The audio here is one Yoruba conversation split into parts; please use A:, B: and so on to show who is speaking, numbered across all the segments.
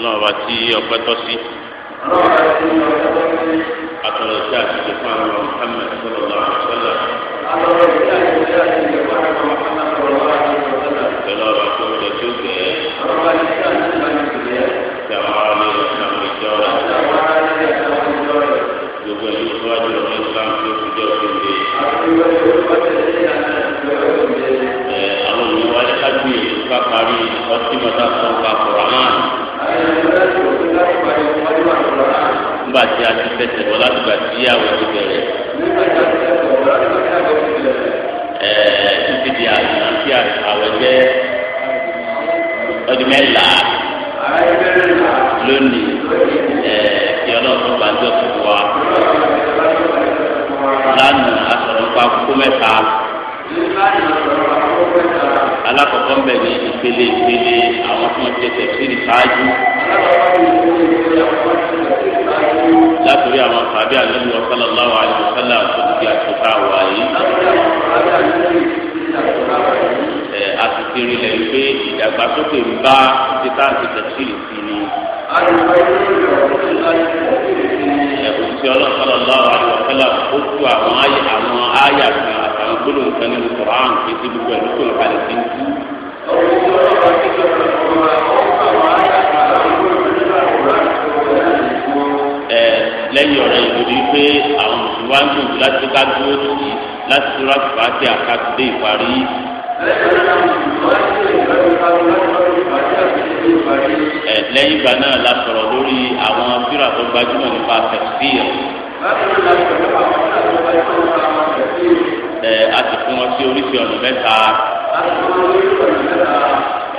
A: ọlọ́run ọba tí ọpẹ́ tọ́ sí. àtọ̀rọ̀ sí àtijọ́ fún àwọn Muhammad sallallahu alaihi
B: wasallam. pẹ̀lú ọba tó ń lọ sí òkè ẹ̀.
A: ti àwọn ará mi lọ sí àwọn ìjọ rẹ̀. gbogbo ẹ̀yìn tó wájú lọ sí Islam tó fi jẹ́ òkè nígbà tí a ti fẹsẹ̀ bọ́ láti gbà tí àwọn ti bẹ̀rẹ̀ ẹ̀ẹ́ títí di àná tí àwọ̀ jẹ́ ọdún mẹ́la lónìí ẹ̀ẹ́ kí ọlọ́run bá jọ fún wa lánàá asọ̀rọ̀ nípa kókó mẹ́ta alakọkọ mbẹ ni ìpele ìpele àwọn tó ń tẹsẹ sí ìsáájú látòrí àwọn tàbí àlejò ọ̀sán aláwọ̀ àlejò sálà àtòkè àtòkà wà yìí. ẹ àtìkiri lẹ pé ìdàgbàsókè ń bá títà àtìkè sí ìsì ni. òṣìṣẹ́ ọlọ́sán aláwọ̀ àlejò sálà ó tú àwọn àyà kan àtàwọn gbólóhùn kan nínú Kùránì àǹkẹ́ sí gbogbo ẹ̀ lókè lọ́kàlẹ̀ sí ń tú. sí pé àwọn mùsùlùmí wá ń dùn láti ká dúró sí láti tó láti fà á sí àkàtúndé ìparí. ẹ lẹ́yìn ìgbà náà la sọ̀rọ̀ lórí àwọn bírà tó gbajúmọ̀ nípa tẹ̀síìr. ẹ a ti fún wọn sí oríṣi ọ̀nà mẹ́ta.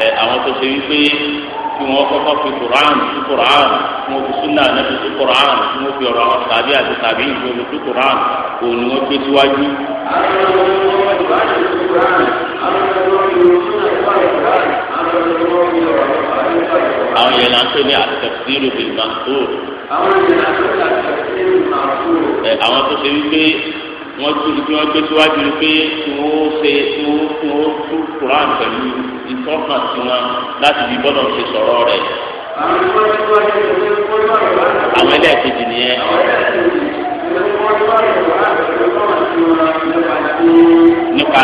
A: ẹ àwọn tó ṣe wípé kí wọ́n kọ́kọ́ fi kùránù sí kùránù wọn fi súnà nàbí sí koran wọn fi ọ̀rọ̀ àwọn tàbí àti tàbí ìlú wọn fi koran òun ni wọn gbé síwájú. àwọn yẹn náà ń pè ní àtẹ̀síìrù bíi màtó. àwọn tó ṣe wípé wọ́n tún ibi wọ́n gbé síwájú ni pé tí wọ́n ṣe tí wọ́n tún kuran pẹ̀lú ìtọ́kàn tiwọn láti fi bọ́dọ̀ ṣe sọ̀rọ̀ rẹ̀.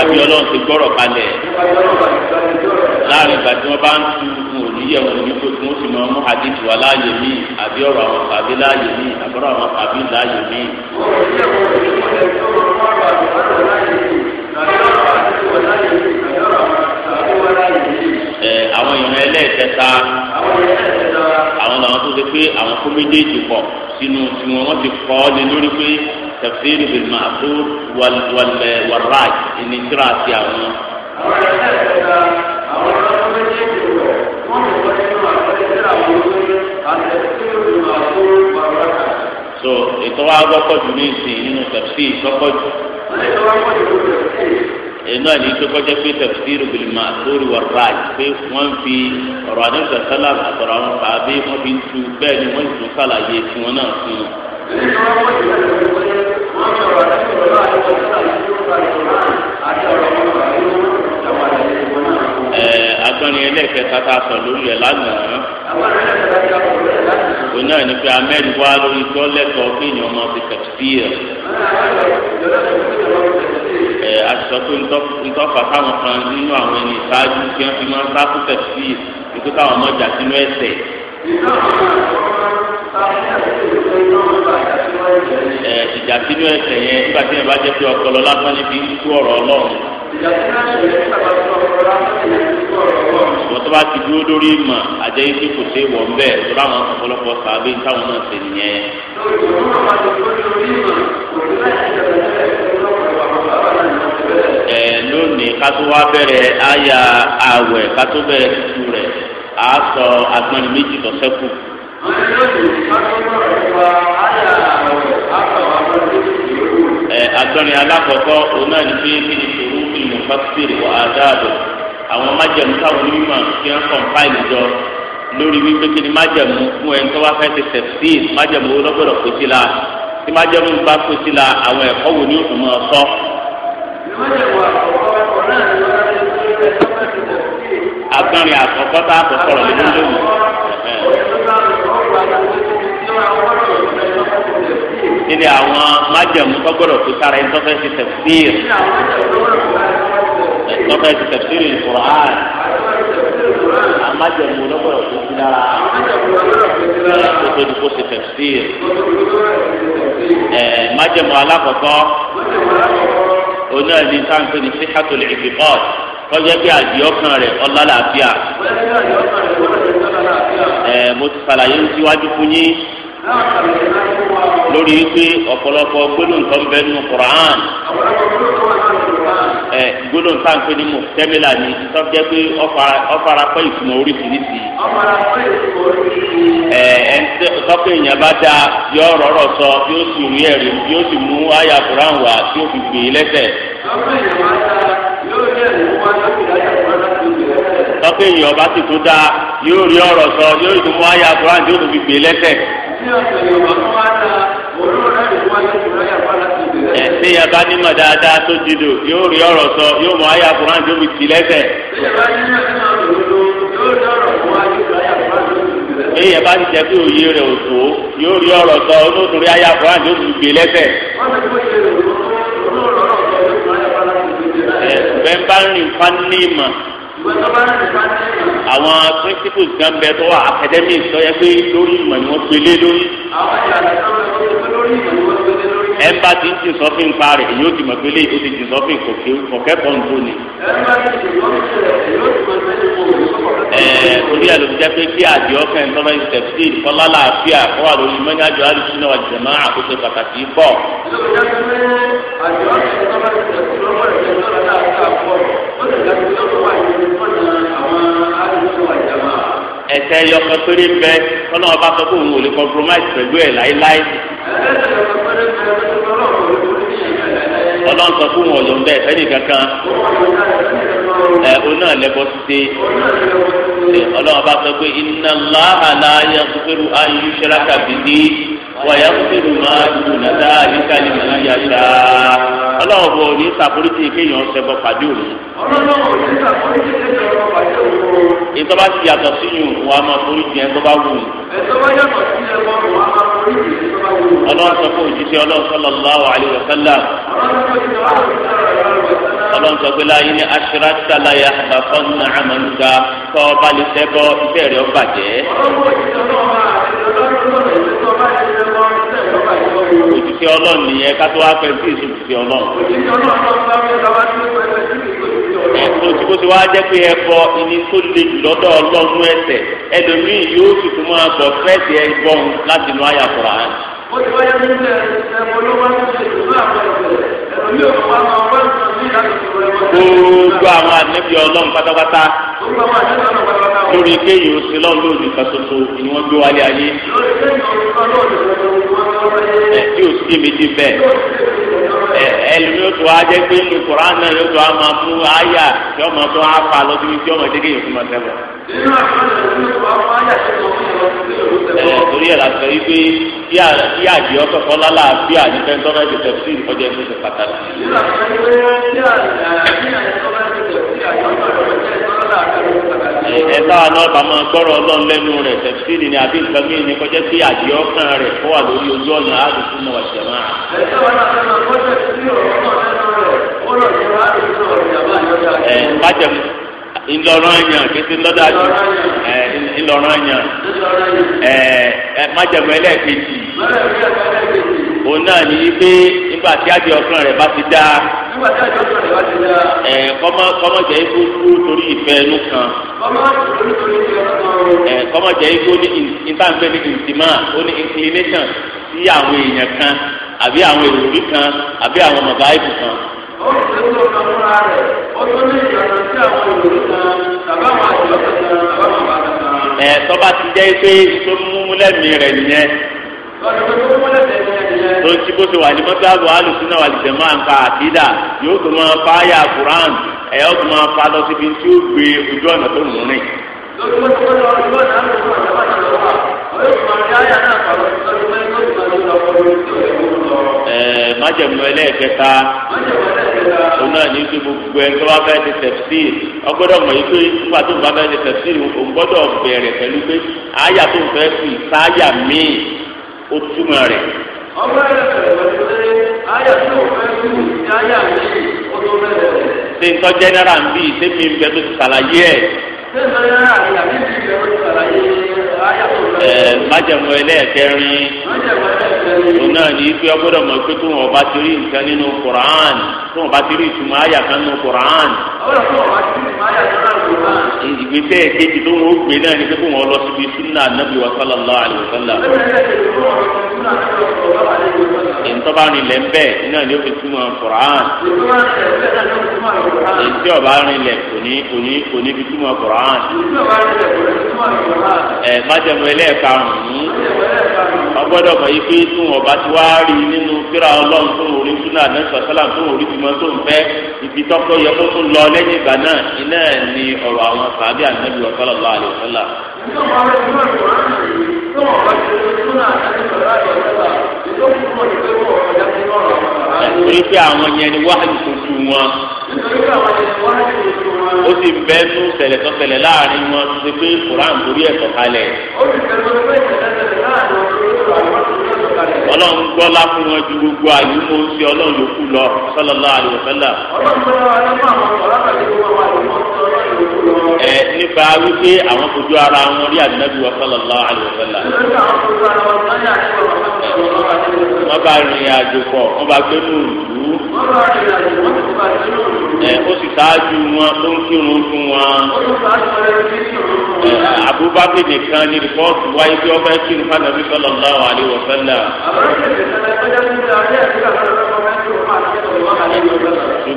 A: níwájú ọlọ́run ti gbọ́rọ̀ kalẹ̀ láàrin ìgbà tí wọ́n bá ń tu òníyẹ̀ wọn ní pé wọ́n sì máa mú àdìsí wa láàyè mí àbí ọ̀rọ̀ àwọn tàbí láàyè mí àbọ̀rọ̀ àwọn tàbí láàyè mí. àwọn ìran ẹlẹ́ẹ̀kẹta àwọn làwọn tó ti pé àwọn kó méjèèjì pọ̀ sínú tiwọn wọ́n ti kọ́ ọ́ lé lórí pé. تفسير bil وال وال والراج wal raj ni
B: so ètò wa gbọ́kọ̀ jù ní
A: ìsìn nínú tafsir gbọ́kọ̀ jù. inú àná ìtò kọjá pé tafsir bil ma'thur wal raj pé wọ́n fi ọ̀rọ̀ àdéhùn sálà àtọ̀rọ̀ àwọn sàbẹ̀ wọ́n fi ń tu bẹ́ẹ̀ ni wọ́n sì tún sàlàyé tiwọn náà fún un agbọ́nrin ẹlẹ́ẹ̀kẹta tá a sọ lórí ẹ̀ lánàá òun náà ní pé amẹ́rin wá lórí tọ́lẹ́tọ̀ kéèyàn ọmọ ti kẹ̀tìfìyà ẹ̀ aṣọ pé ntọ́fà táwọn kan nínú àwọn ẹni ìṣáájú kí wọ́n fi máa ń sáfù kẹ̀tìfìyà nítorí táwọn ọmọ jà sínú ẹ̀sẹ̀ ẹ ìjà sínú ẹsẹ yẹn nígbà tí ẹ bá jẹ pé ọpọlọ lásán níbi ikú ọ̀rọ̀ Ọlọ́run. ìwọ tó bá ti dúró lórí ìmọ̀ àjẹ́ ikú kò ṣe wọ̀ ńbẹ́ tó láwọn ọ̀pọ̀lọpọ̀ sàbẹ̀ táwọn náà ṣe nìyẹn. ẹ lónìí ká tó wá bẹ̀rẹ̀ àyà àwẹ̀ ká tó bẹ̀rẹ̀ tutù rẹ̀ àá sọ agbọ́nrin méjì lọ́sẹ̀kù. wọ́n Eh, atọ́rin alákọ̀ọ́kọ́ òun náà ní pé kí ni tòun fi lè fásitì wà á dáàbò àwọn májẹ̀mú táwọn onímọ̀ kí wọ́n kàn fáìlì jọ lórí wípé kí ni májẹ̀mú fún ẹni tó wá fẹ́ ti tẹ̀sí májẹ̀mú owó lọ́gbọ̀dọ̀ kó sí la tí májẹ̀mú bá kó sí la àwọn ẹ̀kọ́ wo ni ó tún máa sọ. atọ́rin àkọ́kọ́ tá a kọ̀ sọ̀rọ̀ lé sílẹ̀ àwọn májẹ̀mú tó gbọ́dọ̀ tó sára ẹni tó fẹ́ ti tafsir tó fẹ́ ti tafsir Al-Qur'an amájẹ̀mú ló gbọ́dọ̀ tó sí lára tó tó di kó ti tafsir májẹ̀mú alákọ̀ọ́kọ́ oní ẹni sáńpé ní sihatul i'tiqad kọjá bí àdìọ́kàn rẹ̀ ọlọ́láàfíà mo ti sàlàyé ń síwájú fún yín. lórí ikpe ọ̀pọ̀lọpọ̀ gbólóǹtọ́ ń bẹ nínú Qur'an ẹ gbólóǹtọ́ ń pè ní mọ̀tẹ́mílà ni tọ́jẹ́ pé ọ̀fara pẹ́ ìfúnná oríṣiríṣi ẹ ẹ tọ́pẹ́ èèyàn bá dáa yọ ọ̀rọ̀ sọ yóò sì rí ẹ̀rí yóò sì mú àyà Qur'an wá tí ó fi gbé e lẹ́sẹ̀. tọ́pẹ́ èèyàn bá sì tó dáa yóò rí ọ̀rọ̀ sọ yóò sì mú àyà Qur'an tí ó fi gbé e lẹ́sẹ̀. yẹn tí yẹn bá nímọ̀ dáadáa tó ti lò yóò rí ọ̀rọ̀ sọ yóò mọ ayé àkùrán tó fi tì lẹ́sẹ̀. bí yẹn bá ti jẹ́ pé òye rẹ̀ ò tó yóò rí ọ̀rọ̀ sọ ó tó tún rí ayé àkùrán tó fi gbé lẹ́sẹ̀. bẹ́ẹ̀ bá ń rìn fánilé mọ̀ àwọn principles gan bẹ tó wà academic tó yẹ pé lórí ìmọ̀ ni wọ́n gbélé lórí. àwọn ìyàrá tó ń lórí ìmọ̀ ẹnba ti ń ti sọ fún ipa rẹ̀ èyí ó ti mọ̀ pé lé o ti ti sọ fún kòkè kọ̀kẹ́kọ̀ọ́ ń tó ni. ẹ̀ẹ́ orí ẹ̀ ló ti jẹ́ pé kí àdì ọkàn ẹ̀ tọ́lá ìṣẹ̀ sí ìfọlá làáfíà kó wà lórí mọ́nyájọ́ àdìsúná wà jẹ̀mọ́ àkóso pàtàkì bọ̀. ẹ̀sẹ̀ yọkọ̀ péré bẹ́ẹ̀ kọ́nà ọba sọ pé òun ò lè compromise pẹ̀lú ẹ̀ láéláé ọlọ́run sọ fún wọn yọ̀ǹda ẹ̀fẹ́ nìkan kan ẹ̀ oná lẹ́bọ̀ ṣe ọlọ́run bá sọ pé inna Allaha la yaghfiru an yushraka bihi wa yaghfiru ma duna dhalika liman yasha ọlọ́run bò ní sàkóríkì kéèyàn ṣẹbọ pàdé òru. ìtọ́ba ti yàtọ̀ sí yùn máa forí jẹ ẹ̀tọ́ bá wù. ẹ̀tọ́ bá yàtọ̀ sí ẹ̀kọ́ ọlọ́run sọ pé òjíṣẹ́ ọlọ́run sallallahu alaihi wasallam ọlọ́run sọ pé láyé ní aṣíráṣà láyà àbáfọ́ ní àmàlùkà tó ọba lè sẹ́bọ̀ ìfẹ́ rẹ̀ ọba jẹ́. òjíṣẹ́ ọlọ́run nìyẹn ká tó wá pẹ́ sí ìṣòjíṣẹ́ ọlọ́run
B: ẹ̀sùn tí kò ti wá jẹ́ pé ẹbọ
A: ìní tó le jù lọ́dọ̀ ọlọ́run ẹsẹ̀ ẹlòmíì yóò sì tún máa gbọ́ fẹ́ẹ̀sì ẹgbọ́n láti inú àyà
B: ó ti wáyé nílẹ̀ ẹ̀bùn ló wá sí ìlú àpẹẹrẹ
A: ẹ̀rọ gbogbo àwọn ànábì ọlọ́run pátápátá lórí kéyìí ó sí lọ́run lórí ìka soso ni wọ́n gbé wálé ayé ẹ̀ tí ò sí èmi bẹ́ẹ̀ ẹlòmí yóò tó wá jẹ́ pé ní koran náà yóò tó wá máa mú àyà tí ọmọ tó wá fa lọ́dún tí ọmọ jẹ́ kéèyàn tó máa tẹ̀ bọ̀. ẹ torí ẹ̀ la sọ pé kí àjẹ ọkọ̀ kọ́ lálá bí àdìpẹ́ tọ́lá ti tẹ̀ sí ìkọjá ẹni tó pàtàkì.
B: kí àjẹ ọkọ̀ kọ́ lálá bí àdìpẹ́ tọ́lá ti tẹ̀ sí ìkọjá
A: ẹni tó pàtàkì. ẹ̀ka àná bàmá gbọ́rọ̀ ọlọ́run lẹ́nu rẹ̀ tẹ̀síìlì ni àbí nǹkan mìíràn ni kọjá sí àdìẹ rẹ̀ kó wà lórí ojú ọ̀nà àdùkú náà ọ̀sẹ̀ máa. ẹ ńlọrọ̀ ẹ̀yàn lọ́dọ̀ ńlọrọ̀ ẹ̀yàn ẹlẹ́ẹ̀kejì òun náà ní pé nígbà tí ọkàn rẹ̀ bá ti ẹ kọ́mọ kọ́mọ jẹ́ ikú kú torí ìfẹ́ ẹnu kan ẹ kọ́mọ jẹ́ ikú ní ìtànfẹ́ ní ìtìmá ó ní inclination sí àwọn èèyàn kan àbí àwọn èròrí kan àbí àwọn ọmọ báyìí kan. ó ti ń lò kan fúnra rẹ̀ ó tún ní ìyàtọ̀ sí àwọn èròrí kan tàbá àwọn àjọ kan tàbá àwọn bàbá kan. ẹ tọ́ba ti jẹ́ pé tó mú lẹ́mìí rẹ̀ nìyẹn. ọ̀rẹ́ mi tó mú lẹ́mìí rẹ̀ tó ń tí bó ṣe wà ní mọ́tàbù alùsùnà wà lìjẹ̀ máa ń ka àkídà yóò tó máa fa àyà Quran ẹ̀ yóò tó máa fa lọ síbi tí ó gbé ojú ọ̀nà tó mú rìn. ẹ̀ẹ́ májẹ̀mú ẹlẹ́ẹ̀kẹta ọ̀nà ní ti gbogbo ẹ̀ tó bá fẹ́ ti tẹ̀sí ọgbọ́dọ̀ mọ̀ yìí pé nígbà tó bá fẹ́ ti tẹ̀sí ògbọ́dọ̀ bẹ̀rẹ̀ pẹ̀lú pé àyà tó fẹ́ fi sáyà míì ó túmọ̀ rẹ̀.
B: ọ bụrụ pẹ̀lú pé àyà tí o ya kú sí àyà mi ó tó bẹ̀rẹ̀ rẹ̀.
A: ṣé nǹkan jẹ́nẹ́rà ń bí ìsẹ́mi ń bẹ tó ti ṣàlàyé ẹ̀. májẹ̀mú ẹlẹ́ẹ̀kẹrin òun náà ní pé ọgbọ́dọ̀ mọ̀ pé ti rí nǹkan nínú ti rí ìtumọ̀ àyà kan nínú ìgbésẹ̀ kejì ó anabi wa sallallahu ntọ́ba rinlẹ̀ ń bẹ̀ iná ni ó fi túmọ̀ Qur'an ntí ọba rinlẹ̀ kò ní kò fi túmọ̀ Qur'an ẹ májẹ̀mú ẹlẹ́ẹ̀karùn-ún ọgbọ́dọ̀ mọ̀ yí pé tún ọba ti wá rí nínú kíra ọlọ́run tó orí súnà nẹ́sọ̀ sálà tó orí tìmọ̀ tó ń fẹ́ ibi tọ́kọ yẹ kó tún lọ lẹ́yìn ìgbà náà iná ni ọ̀rọ̀ àwọn sàbí ànábì sallallahu alaihi wasallam
B: tó wọn bá ti lórí tó náà láti sọ̀rọ̀ àjọ nípa ètò ìfúnmọ̀ ní pé wọn ọ̀rọ̀ jáde lọ́rọ̀ àwọn. nítorí pé
A: àwọn yẹn ni wáhálì tó ju wọn. ó ti bẹ́ẹ̀ tún ṣẹlẹ̀ tó ṣẹlẹ̀ láàrin wọn tó ti pé koran torí ẹ̀ sọ̀kalẹ̀. ọlọ́run gbọ́ lápò wọn ju gbogbo àyè mọ́ sí ọlọ́run yòókù lọ sallallahu alaihi ọlọ́run gbọ́ lápò àwọn
B: ọ̀rọ̀ àtàlẹ́ wọn wà
A: ẹ nípa wípé àwọn fojú ara wọn rí ànábì wa sallallahu alaihi wasallam. wọ́n bá rìn àjò pọ̀ wọ́n bá gbé ní
B: òòlù.
A: ẹ ó sì ṣáájú wọn tó ń kírun fún wọn. ẹ Abubakar nìkan ní rìpọ́ọ̀tù wáyé bí wọ́n fẹ́ kírun fún ànábì sallallahu alaihi wasallam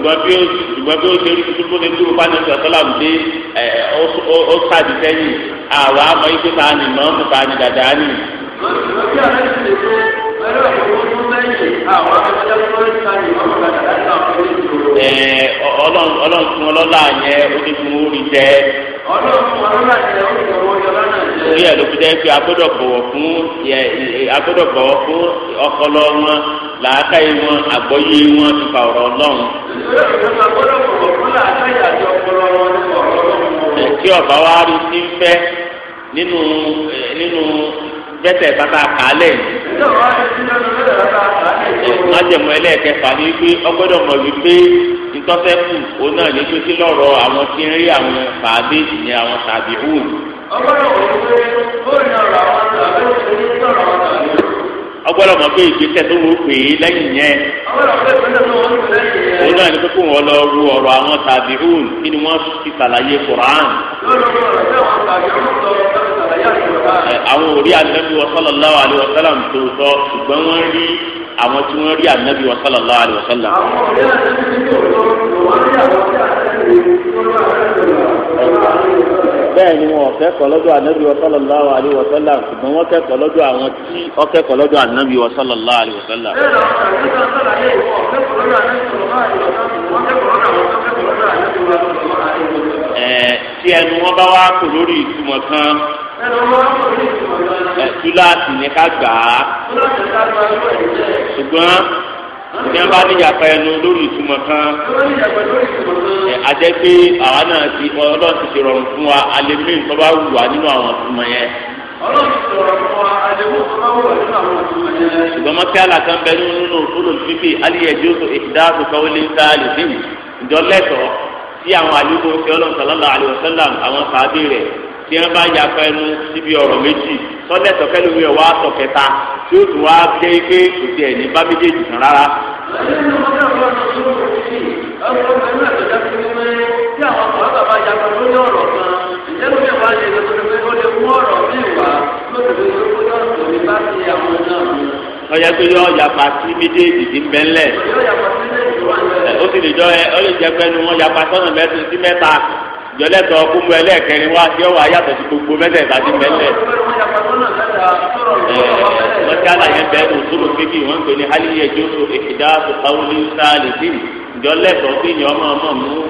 A: ṣùgbọ́n bí ó ṣùgbọ́n bí ó ṣe rí tuntun ní kúrò bá nípa sọ́là ń dé ẹ ó sàdí sẹ́yìn àwa àmọ́ ikú ta ni mọ́ mú ta ni dàda ni. ọlọ́run fún ọlọ́lá yẹn ó ní fún orí jẹ.
B: ọlọ́run fún ọlọ́lá yẹn ó ní fún orí ọlọ́run torí
A: ẹ ló fi dẹ́ pé agbọ́dọ̀ bọ̀wọ̀ fún agbọ́dọ̀ bọ̀wọ̀ fún ọpọlọ wọn làákà yìí wọn àgbọ́yé wọn ti fa ọ̀rọ̀ ọlọ́run. tí ọba wa rí ní fẹ́ nínú nínú bẹ́tẹ̀ bàbá kàálẹ̀ yìí. májèmọ́ ẹlẹ́ẹ̀kẹfà ni wípé ọgbọ́dọ̀ mọ̀ wípé ntọ́sẹ́kù òun náà lè gbèsè lọ́rọ̀ àwọn tí ń rí àwọn fàábéèjì ní àwọn tàbí hù.
B: ọgbọ́dọ̀ wọ̀ wípé.
A: ọgbọ́dọ̀ mọ̀ pé ìgbésẹ̀ tó wọ́n pè é lẹ́yìn yẹn. òun náà ní pé kó wọn lọ ru ọ̀rọ̀ àwọn tàbí hùn kí ni wọ́n ti ṣàlàyé Quran. àwọn òrí anabi wa sallallahu alayhi wa sallam tó sọ ṣùgbọ́n wọ́n rí àwọn tí wọ́n rí anabi wa sallallahu alayhi wa sallam. àwọn òrí anabi wa sallallahu alayhi wa sallam. bẹ́ẹ̀ ni wọn kẹ́kọ̀ọ́ lọ́dọ̀ anabi wa sallallahu alayhi wa sallam ṣùgbọ́n wọn kẹ́kọ̀ọ́ lọ́dọ̀ àwọn tí kẹ́kọ̀ọ́ lọ́dọ̀ wa wa ẹ tí ẹnu wọn bá wá kò lórí ìtumọ̀ kan ẹ gbà á ṣùgbọ́n. ní a bá ní yàtọ̀ ẹnu lórí ìtumọ̀ kan àjẹ́ pé àwa náà ti ọlọ́run ti ṣe rọrùn fún wa alẹ́ mí tó bá wù wá nínú àwọn ìtumọ̀ yẹn.
B: ọlọ́run ti rọrùn fún wa alẹ́ mí tó bá wù wá nínú àwọn ìtumọ̀
A: yẹn. ṣùgbọ́n mọ́tí àlàkà ń bẹ nínú òṣòlò fífi aliyẹ̀dí oṣù ìdáàbò kan ó lé ń sáà lè dé ìjọ lẹ́tọ̀ọ́ sí àwọn àlùkò ọlọ́run sàlọ́lá àlè tí wọn bá yà fẹ nu síbi ọ̀rọ̀ méjì sọlẹ tọkẹlùmí ọwọ àtọkẹta tí ó tún wá dé pé kò tiẹ̀ ní bá méjèèjì tán rárá.
B: ọjà tó yọ ọjà
A: pàtí méjèèjì ti ń bẹ ńlẹ̀ ó sì lè jọ ẹ ó lè jẹ pé ẹnu wọn yà pàtí ọ̀nà sí mẹ́ta jọlẹtọ kúmu ẹlẹ́ẹ̀kẹrin wá tí ó wà yàtọ̀ sí gbogbo mẹsẹ ìbàdí mẹsẹ mọṣálà yẹn bẹ́ẹ̀ ní òṣòro kékeré wọn ń pè ní aliyẹ jọsọ èkìdá sọfàwọlì sáàlì dìm jọlẹtọ tí yẹn ọmọ ọmọ mú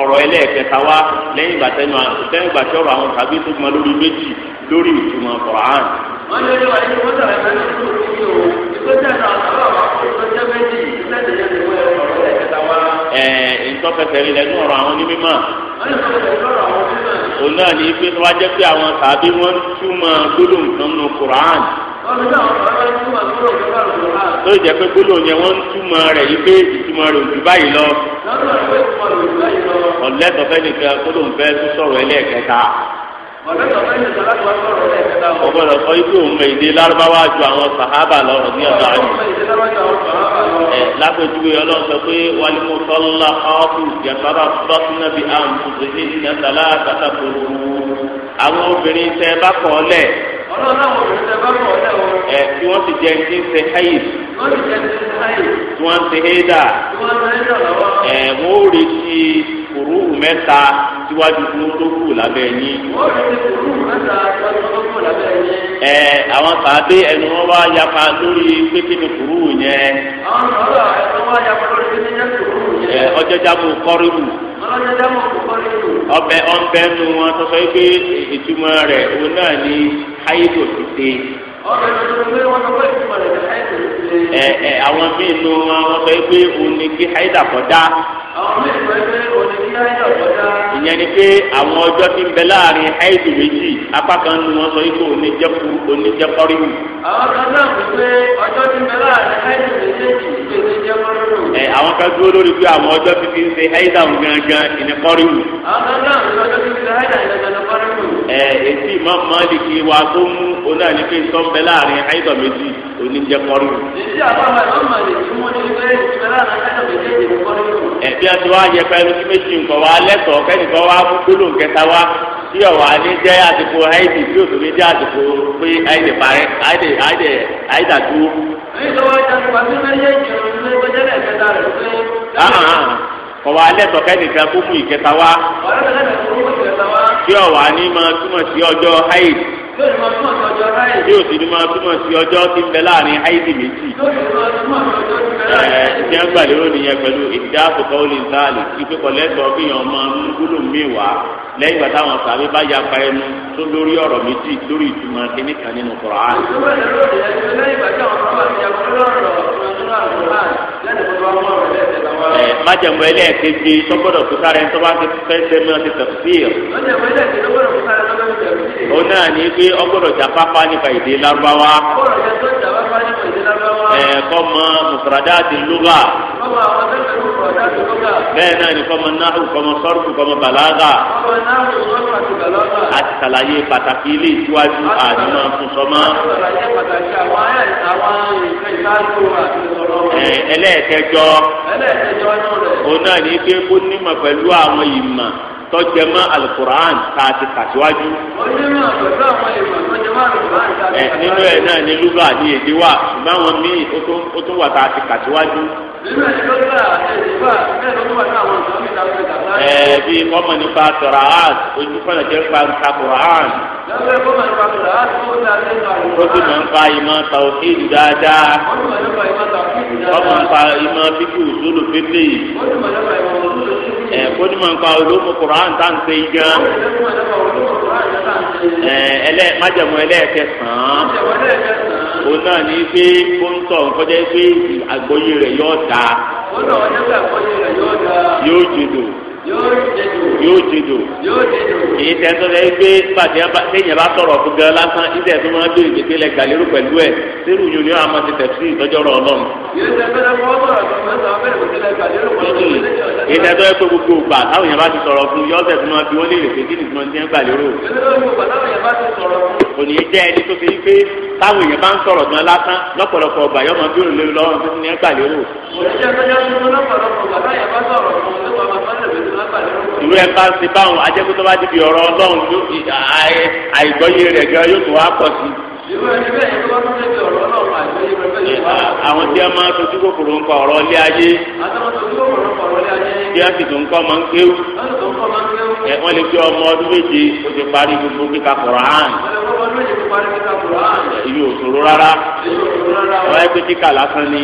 A: ọ̀rọ̀ ẹlẹ́ẹ̀kẹta wá lẹ́yìn ìgbà tẹnu lẹ́yìn ìgbà tí ọ̀rọ̀ àwọn tàbí tó gbọ́n lórí méjì lórí ìtumọ̀ kọ̀ọ̀án. wọ́n yóò lé wa ní wọ́n tàbí ẹgbẹ́ náà tó kí o ìgbésẹ̀ náà lọ́wọ́ àwọn ìgbésẹ̀
B: méjì ìgbésẹ̀ náà ti wọ́n ọ̀rọ̀ ẹlẹ́ẹ̀kẹta wá.
A: ẹ̀ẹ́d òun náà ní pé wá jẹ́ pé àwọn tàbí wọ́n túmọ̀ gbólóhùn kan nù Qur'an. tó lè jẹ́ pé gbólóhùn yẹn wọ́n ń túmọ̀ rẹ̀ yí pé ìtumọ̀ rẹ̀ òjú báyìí lọ.
B: ọ̀lẹ́tọ̀fẹ́ nìkan
A: gbólóhùn fẹ́ sọ̀rọ̀ ẹlẹ́ẹ̀kẹta ọgbọ́dọ̀ sọ ikú òun mẹ ìdè lárúbáwá ju àwọn sàhábà lọ́rọ̀ ní ọ̀dọ̀ àjò ẹ lápẹjúwe Ọlọ́run sọ pé wàlí mo tọ́lá ọ́ọ́kù yàtọ̀rọ̀ bọ́sùnà bíi àǹtùtù ní ìyàtọ̀lá àtàkùn àwọn obìnrin tẹ bá kọ̀ ọ́ lẹ̀ ẹ tí wọ́n ti jẹ ti ṣe hayi tí wọ́n ti ṣe hédà ẹ wọ́n rí ti kòrò mẹ́ta síwájú tó tó kù lábẹ́ yín. ẹ àwọn sàdé ẹnu wọn wá yapa lórí
B: pété ní kòrò
A: yẹn. àwọn sàdé
B: ẹnu wọn wá yapa lórí pété ní
A: kòrò yẹn. ẹ ọjọ́ jábọ̀ kọ́rìbù ọbẹ̀ ọbẹ̀ nu wọn tó sọ pé ìtumọ̀ rẹ̀ òun náà ní háyébò ti dé.
B: tuntun pé wọ́n sọ pé ìtumọ̀ rẹ̀ ní háyébò ti
A: ẹ ẹ àwọn míì nù wọn wọn sọ pé òní kí haida kọjá. àwọn míì sọ pé òní kí haida kọjá. ìyẹn ni pé àwọn ọjọ́ tí ń bẹ láàrin haidu méjì apá kan nù wọn sọ pé òní jẹ́kù òní jẹ́kọ́rí wù.
B: àwọn kan náà wí pé ọjọ́ tí ń bẹ láàrin haidu méjì òní jẹ́kọ́rí wù. ẹ
A: àwọn kan dúró lórí pé àwọn ọjọ́ tí fi ń ṣe haida gangan ìnìkọ́rí wù.
B: àwọn kan náà wí pé ọjọ́ tí ń bẹ haida ìnìkọ́rí wù.
A: e etí ma wa tó mú oná ní láàrin méjì oníjẹ àbámọ̀
B: méjì wa
A: tí ọ̀wà ní jẹ́ àdìpọ̀ àìdì tí ò tó ní jẹ́ àdìpọ̀ pé àìdè parẹ́ àìdè àìdè àìdà dúró.
B: nítorí ọjà nípa tí wọ́n yẹ ìjọba pé.
A: Ah, ah, ah. ọwọ alẹ tọkẹ nìkan kó fún ìkẹta wa tí ọwọ àní máa túmọ̀ sí ọjọ́ haid tí o sì ní máa túmọ̀ sí ọjọ́ tí ń bẹ láàrin haid méjì
B: ìṣe
A: ń gbàlérò nìyẹn pẹ̀lú ìdáàbò kọ́ọ̀lì záàlì ìpè kọ̀lẹ́tọ̀ fihàn máa ń gbúdọ̀ mìíràn lẹ́yìn ìgbà táwọn sàbí bá ya pa ẹnu tó lórí ọ̀rọ̀ méjì lórí ìtumọ̀ kínní kan nínú Kùránì.
B: lẹ́yìn ìgbà táwọn sàbí ya
A: Eh, májẹ̀mú ẹlẹ́ẹ̀kejì tó gbọ́dọ̀ tó sáré tó bá ti fẹ́ sẹ́mi ọtí tẹ̀síìr. ó náà ní pé ọgbọ́dọ̀ jàpápá nípa èdè lárúbáwá. ọgbọ́dọ̀ jàpápá nípa èdè lárúbáwá. ẹ̀ẹ́kọ́ eh, mọ mùsùlùmí bẹ́ẹ̀ náà ni kọ́mọ náhù kọ́mọ sọ́rùkù kọ́mọ bàlágà àti sàlàyé pàtàkì ilé ìtúwájú àní máa fún sọ́mọ́. ẹlẹ́ẹ̀kẹjọ òun náà ní pé kó nímọ̀ pẹ̀lú àwọn ìmọ̀ tọ́jẹ́mọ́ alukur'an tá a ti kà síwájú. nínú ẹ̀ náà ní lúgà ní èdè wa ṣùgbọ́n àwọn míì ó tún wà tá a ti kà síwájú ẹ bí kọ́mọ̀ nípa sọ̀rọ̀ àn ojú fọ́nà jẹ́ nípa nípa sọ̀rọ̀ àn. ó sì máa ń fa ìmọ̀ tawhid dáadáa. kọ́mọ̀ nípa ìmọ̀ fífi usulu fífi. ẹ kóni máa ń pa olómo Qur'an tá n ṣe gan. ẹ ẹlẹ́ májẹ̀mú ẹlẹ́ẹ̀kẹsàn-án òun náà ní pé kó ń tọ̀ kọjá pé àgbọ́yé rẹ̀ yóò da. ó lọ ọjọ́ pé àgbọ́yé rẹ̀ yóò da. yóò jìdò. yóò jìdò. yóò jìdò. yóò jìdò. èyí tẹ́tọ́ lẹ́yìn pé pàdé téèyàn bá sọ̀rọ̀ fún gan lásán ìdẹ̀ tó máa ń béèrè lẹ gàlérò pẹ̀lú ẹ̀ sẹ́rù yòó ni wọ́n á máa ti tẹ̀sí ìtọ́jọ́ rọ̀ ọlọ́run.
B: yóò tẹ́tọ́ lẹ́yìn
A: gbogbo gbà táwọn yẹn bá ti sọ̀rọ̀ fún yọ́sẹ̀ tí wọ́n fi wọ́n lè rèé kí nìkan ti ń gbà lérò. òní jẹ́ ẹni tó fi ń pé táwọn èèyàn bá ń sọ̀rọ̀ gan lásán lọ́pọ̀lọpọ̀ ọgbà yọ ọmọ bíi òrùlé lọ́wọ́ tó ní ẹgbà lérò. ìlú ẹ̀ bá ń ṣe báwọn ajẹ́kútọ́ bá ti di ọ̀rọ̀ ọlọ́run àìgbọ́yé rẹ̀ gan yóò tún wá pọ̀ sí i àwọn tí a máa sojú kòkòrò ń kọ ọ̀rọ̀ ilé ayé tí a sì tún kọ́ máa ń kéwù wọ́n lè fi ọmọ ọdún méje o ti parí gbogbo kíka Kùránì ìlú òṣòro rárá ọ̀rọ̀ ẹgbẹ́ kíkà lásán ni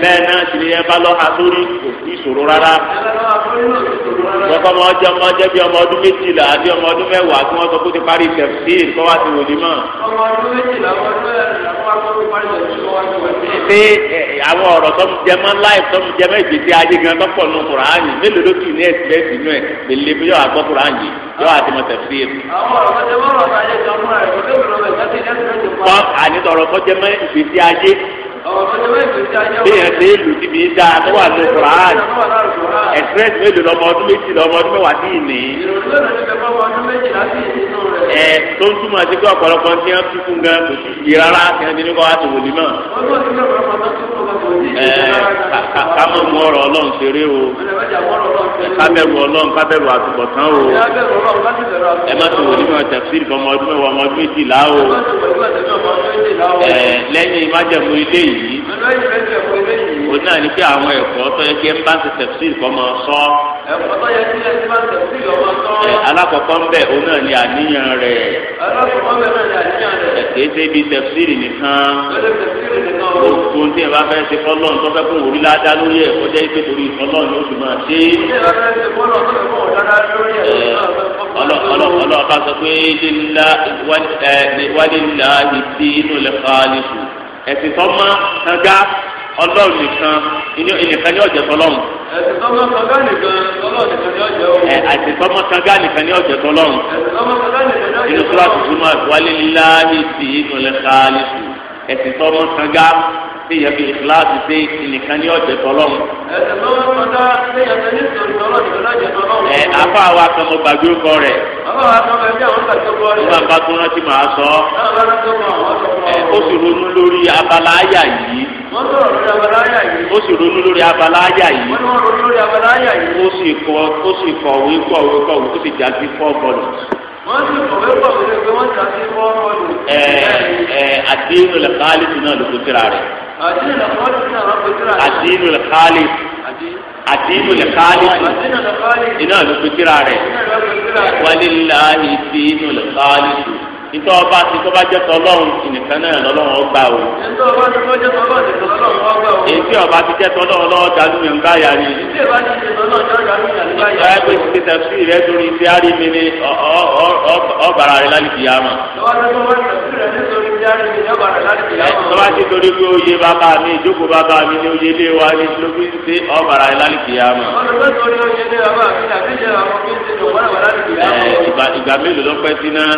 A: bẹ́ẹ̀ náà sì ni ẹ bá lọ́ha sórí kò sí ìṣòro rárá wọ́pọ̀ ọmọ ọjọ́ ọmọ ọjọ́ bíi ọmọ ọdún méjìlá àti ọmọ ọdún mẹ́wàá tí wọ́n sọ pé ó ti parí tẹ̀síìl kọ́ wá sí wòlímọ̀
B: ọmọ ọdún méjìlá ọmọ ọdún mẹ́rin àwọn akọ́kọ́ ìpàdé ìṣòwò wájú wá sí.
A: ṣé àwọn ọ̀rọ̀ tó ń jẹ mọ́ láì tó ń jẹ mọ́ ìgbésí ayé gan tó pọ̀ nù kùránì mélòó ló kì í ní ẹ̀sìlẹ̀ sínú ẹ̀ lèlè bí yóò àgbọ̀ kùránì yóò àti mọ̀tẹ̀ fi èmi. àwọn ọ̀rọ̀ tó jẹ mọ́ ọ̀rọ̀ tó bíyẹn ṣe lù tí mi dáa tó wà ní Quran express mélòó lọmọ ọdún méjì lọmọ ọdún mẹ́wàá tí ì ní. ẹ tó ń túmọ̀ sí pé ọ̀pọ̀lọpọ̀ tí wọ́n fi kún gan kò sí ìrara kí wọ́n ti ní kọ́ wá tó wòlímọ̀. Eh, ká mọ̀ mú ọ̀rọ̀ ọlọ́run ṣeré o ká ọlọ́run ká àtúbọ̀tán o ẹ má wò ní ìmọ̀ kan ọmọ ọdún mẹ́wàá ọmọ ọdún méjìlá eh, òun náà ní pé àwọn ẹ̀kọ́ tó yẹ kí ẹ ń bá ti tẹ̀síìlì kọ́ máa sọ. ẹ̀kọ́ tó yẹ kí ẹ ń bá tẹ̀síìlì kọ́ máa sọ. alákọ̀ọ́kọ́ ń bẹ̀ òun náà ní àníyàn rẹ̀.
B: alákọ̀ọ́kọ́ ń bẹ̀ náà
A: ní àníyàn rẹ̀. kèéṣe bíi tẹ̀síìlì nìkan. gbogbo tí ẹ bá fẹ́ ṣe fọlọ́n tó fẹ́ fún òrí ládá lórí ẹ̀ kọjá ipe ẹ̀sìn tó máa ń ọlọ́run nìkan nìkan ní ọ̀jẹ̀ tọ́lọ́run.
B: ẹ̀sìn tọ́mọ sangá nìkan ọlọ́run nìkan ní ọ̀jẹ̀
A: o. ẹ̀sìn tọ́mọ sangá nìkan ní ọ̀jẹ̀ tọ́lọ́run. ẹ̀sìn tọ́mọ
B: sangá nìkan ní ọ̀jẹ̀ tọ́lọ́run.
A: inú sọ́ra tuntun máa wálé láàyè sí ìtòlẹ́ka lẹ́sùn ẹ̀sìn téèyàn fi ìkíláàsì dé ìnìkan ní ọ̀jẹ̀ tọ́lọ́mù. ẹ̀sẹ̀ tó ń kọjá téèyàn fi ní ìtòrí tọ́lọ́mù ìtọ́jẹ̀ tọ́lọ́mù. ẹ afa wa kan mo gbàgbé ọkọ rẹ. afa wa kan mo gbàgbé ọkọ rẹ. nígbà bá tó rántí màá sọ. ẹ ó sì ronú lórí abala àyà yìí. wọ́n sọ̀rọ̀ lórí abala àyà yìí. ó sì ronú lórí abala àyà yìí. wọ́n sì ronú lórí abala àyà yìí. ó sì kọ
B: wọ́n ti kọ̀wé kọ̀wé pé wọ́n ti àti fọ́ ọlù.
A: ẹ ẹ àdínú lè káálí tún náà ló kó síra rẹ.
B: àdínú lè káálí tún náà ló kó síra rẹ. àdínú lè káálí.
A: àdínú lè káálí tún. àdínú
B: lè káálí. iná ló
A: kó síra rẹ. wàlíláhi dínú lè káálí tún ìtọ́ ọba ti tó bá jẹ́ tọ́lọ́run ìnìkan náà lọ́lọ́run ọgbà o.
B: ìtọ́ ọba ti tó jẹ́ tọ́lọ́run ìnìkan lọ́lọ́run ọgbà o. èyí
A: tí ọba ti jẹ́ tọ́lọ́run lọ́wọ́ dàlú yẹn ń báyà ni. ìdí
B: ìbá ti jẹ́ tọ́lọ́run lọ́wọ́ dàlú yẹn ń
A: báyà. ẹ pé ti tẹ̀ sí rẹ torí ti á rí mi ni ọ̀bàrà rẹ lálẹ́ ìyá mọ̀. ìwádìí tó wá
B: ti tọ́ba ti
A: torí pé oyè bàbá mi ìjókòó bàbá mi ní oyè ilé wa ní ló fi ń ṣe ọ̀bàrà ìlàlìkìyà mọ̀. ìgbà mélòó ló pẹ́ sí náà.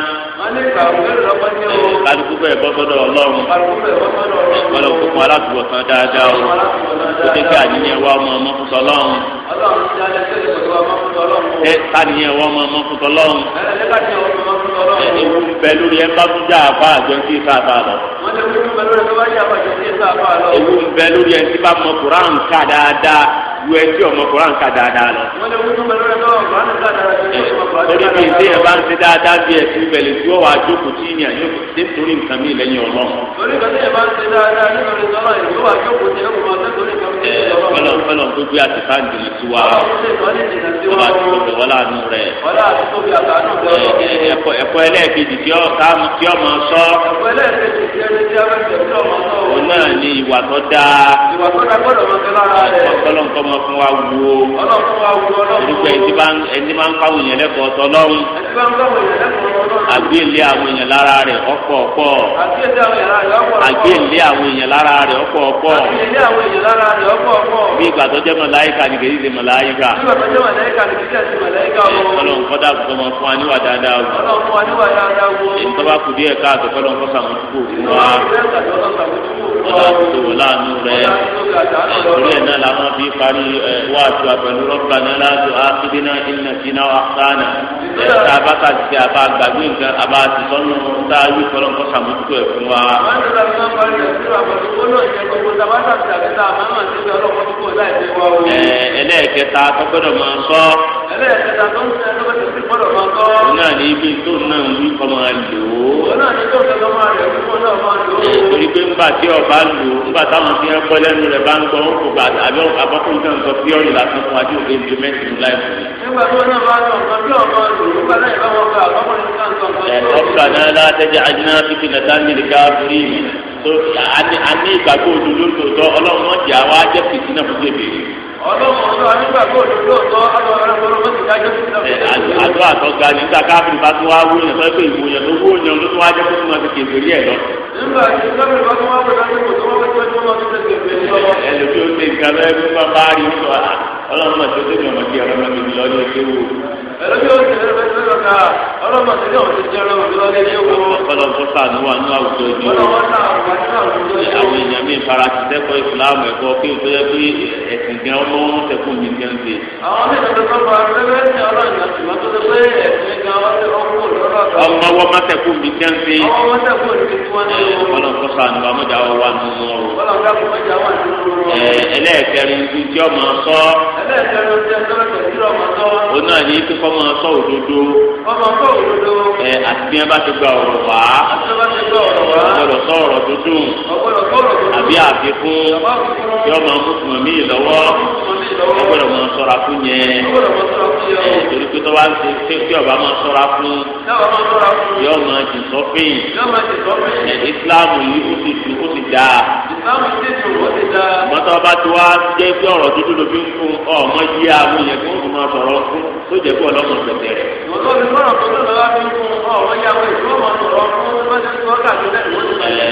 A: kálukú bẹ́ẹ̀ bọ́ sọ́dọ̀ ọlọ́run kọ́lọ́ kó fún alátùbọ̀tán dáadáa o kó tẹ́kẹ́ àdínyẹ̀wá ọmọ ọmọ ẹ tànìyàn wọn mọ mọkùtọ lọrun ẹ ewu bẹ lórí ẹ bá tún já àbá àjọ tí ì sáà bá lọ. ewu bẹ lórí ẹ tí bá mọ kuran ká dáadáa ju ẹ tí ọmọ kuran ká dáadáa lọ. torí bí ìdí ẹ bá ń ṣe dáadáa bí ẹ ti bẹ̀lẹ̀ tí ó wàá jókòó tí ìyàn yóò ṣe torí nǹkan mi lẹ́yìn ọlọ́run. torí bí ìdí ẹ bá
B: ń ṣe dáadáa nígbà tí ọlọ́run yóò jókòó tí ẹ kò máa ṣe torí nǹkan fọlọ́n
A: fọlọ́n gbogbo àti fáńdìrì tiwa wọ́n àti tóbi wọ́n lànà rẹ̀ ẹ̀kọ́ ẹ̀kọ́ ẹlẹ́ẹ̀kejì tí ọ máa sọ òun náà ní ìwà tó dáa fọlọ́n kọ́ máa fún wa wo irúgbẹ́ ẹni máa ń pàwọ̀ yẹn lẹ́kọ̀ọ́ tọ́lọ́run àgbélé àwọn èèyàn lára rẹ̀ ọ̀pọ̀ ọ̀pọ̀ àgbélé àwọn èèyàn lára rẹ̀ ọ̀pọ̀ ọ̀pọ̀ bí ìgbà tó jẹ́ mọ̀láyíkà ni kìí ṣe mọ̀láyíkà ọlọ́run kọ́ dà kọ́ mọ fún wa níwà dáadáa o èyí tó bá kù díẹ̀ káàtó kọ́lọ́n kọ́ sàmú dúpọ̀ fún wa ọlọ́run tó wọ̀ láàánú rẹ̀ orí ẹ̀ náà làwọn fi parí wá àti wà pẹ̀lú náà láti àkíndínà ìnàkínà àkánà ẹ̀ tá a bá kà sí àbá gbàgbé àbí nǹkan àbá ti sọnù tá a yí kọlọ́n kọ́ sàmójútó ẹ̀ fún wa. wọ́n
B: ti sọ fún ọkọ rẹ̀ sí ọkọ̀ tó kó náà a bá tàbí tàbí tá a máa máa ti sọ
A: ọlọ́kọ̀
B: ẹlẹ́ẹ̀kẹta tó ń sẹ́ lọ́wọ́ tó ti gbọ́dọ̀ máa kọ́. òun náà
A: ní ibi tó náà ń wí kọ́ máa lò ó.
B: òun náà ní tó ń sọ máa rẹ̀ fún náà máa lò ó.
A: torí pé ńgbà tí ọba lò ńgbà táwọn fi ẹ̀kọ́ lẹ́nu rẹ̀ bá ń gbọ́ ó kò gbà àbẹ́ àbọ́kùn náà sọ píọ́rì lásán fún adé òde implement in life.
B: nígbà tó náà bá lọ nǹkan bí ọba lò nígbà náà
A: ìbá wọn gbà tó ani ìgbàgbọ́ òdodo lòótọ́ ọlọ́run wọn jẹ́ àwa jẹ́ fìdí náà fún bèbèrè.
B: ọlọ́run tó àní ìgbàgbọ́ òdodo lòótọ́ ọlọ́run wọn ti dájọ́ fìdí náà fún bèbèrè.
A: àdó àtọ́gba nígbà káfíń bá tún wá wó yẹn tó pé ìwò yẹn tó wó yẹn ló tún wá jẹ́ fún wọn ti kékeré yẹn lọ.
B: nígbà tí káfíń bá tún wá wó yẹn tó
A: ọlọ́run máa ṣe tẹ́lẹ̀ ọmọdé ọlọ́run máa tẹ̀lé ọdún ẹgbẹ́ wo. ẹlẹ́bí ó ti lẹ́nu ẹgbẹ́
B: lọ́ka ọlọ́run
A: máa tẹ̀lé ọmọdé jẹ́ ọlọ́run tó lọ́dẹ ní ewu. ọlọ́run tó sànú wa nínú àwùjọ ìdí o. àwọn èèyàn mi fara ti sẹ́kọ̀ọ́ ìfúláàmù ẹ̀kọ́ kí o tó yẹ kí ẹ̀sìn gan ọmọ wọn sẹ́kùn mi gan ṣe. àwọn mi tẹ̀lé tó fọ ọmọ wọn ma sẹkùn mi kẹ́ ń fi ọlọ́run kọ́ sọ àná ọmọdé àwọn wa nínú ọ̀rọ̀
B: ẹlẹ́ẹ̀kẹrin
A: tí ọmọ sọ òun náà ní kí kọ́mọ sọ òdodo ẹ àti bí wọn bá ti gba ọ̀rọ̀ wá ọgbọ́dọ̀ sọ ọ̀rọ̀ dúdú àbí àfikún yọmọ mùsùlùmí lọ́wọ́ wọ́n gbọ́dọ̀ máa sọ̀rọ̀ fún yẹn ẹ̀ torí pé tó bá ń ṣe ṣé kí ọba máa sọ̀rọ̀ fún yọ máa jù sọ́fìn Islam yìí ó ti ju ó ti dáa mọ́tò ọba tí wàá jẹ́ pé ọ̀rọ̀ dúdú ló fi ń fún ọmọ yí àmú yẹn kí wọ́n fi máa fún tó jẹ́ pé ọlọ́mọ pẹ̀tẹ̀ rẹ̀. ìwọ́n
B: tó ń sọ̀rọ̀ tó ń fi ń fún ọmọ yí àmú yẹn kí wọ́n máa sọ̀rọ̀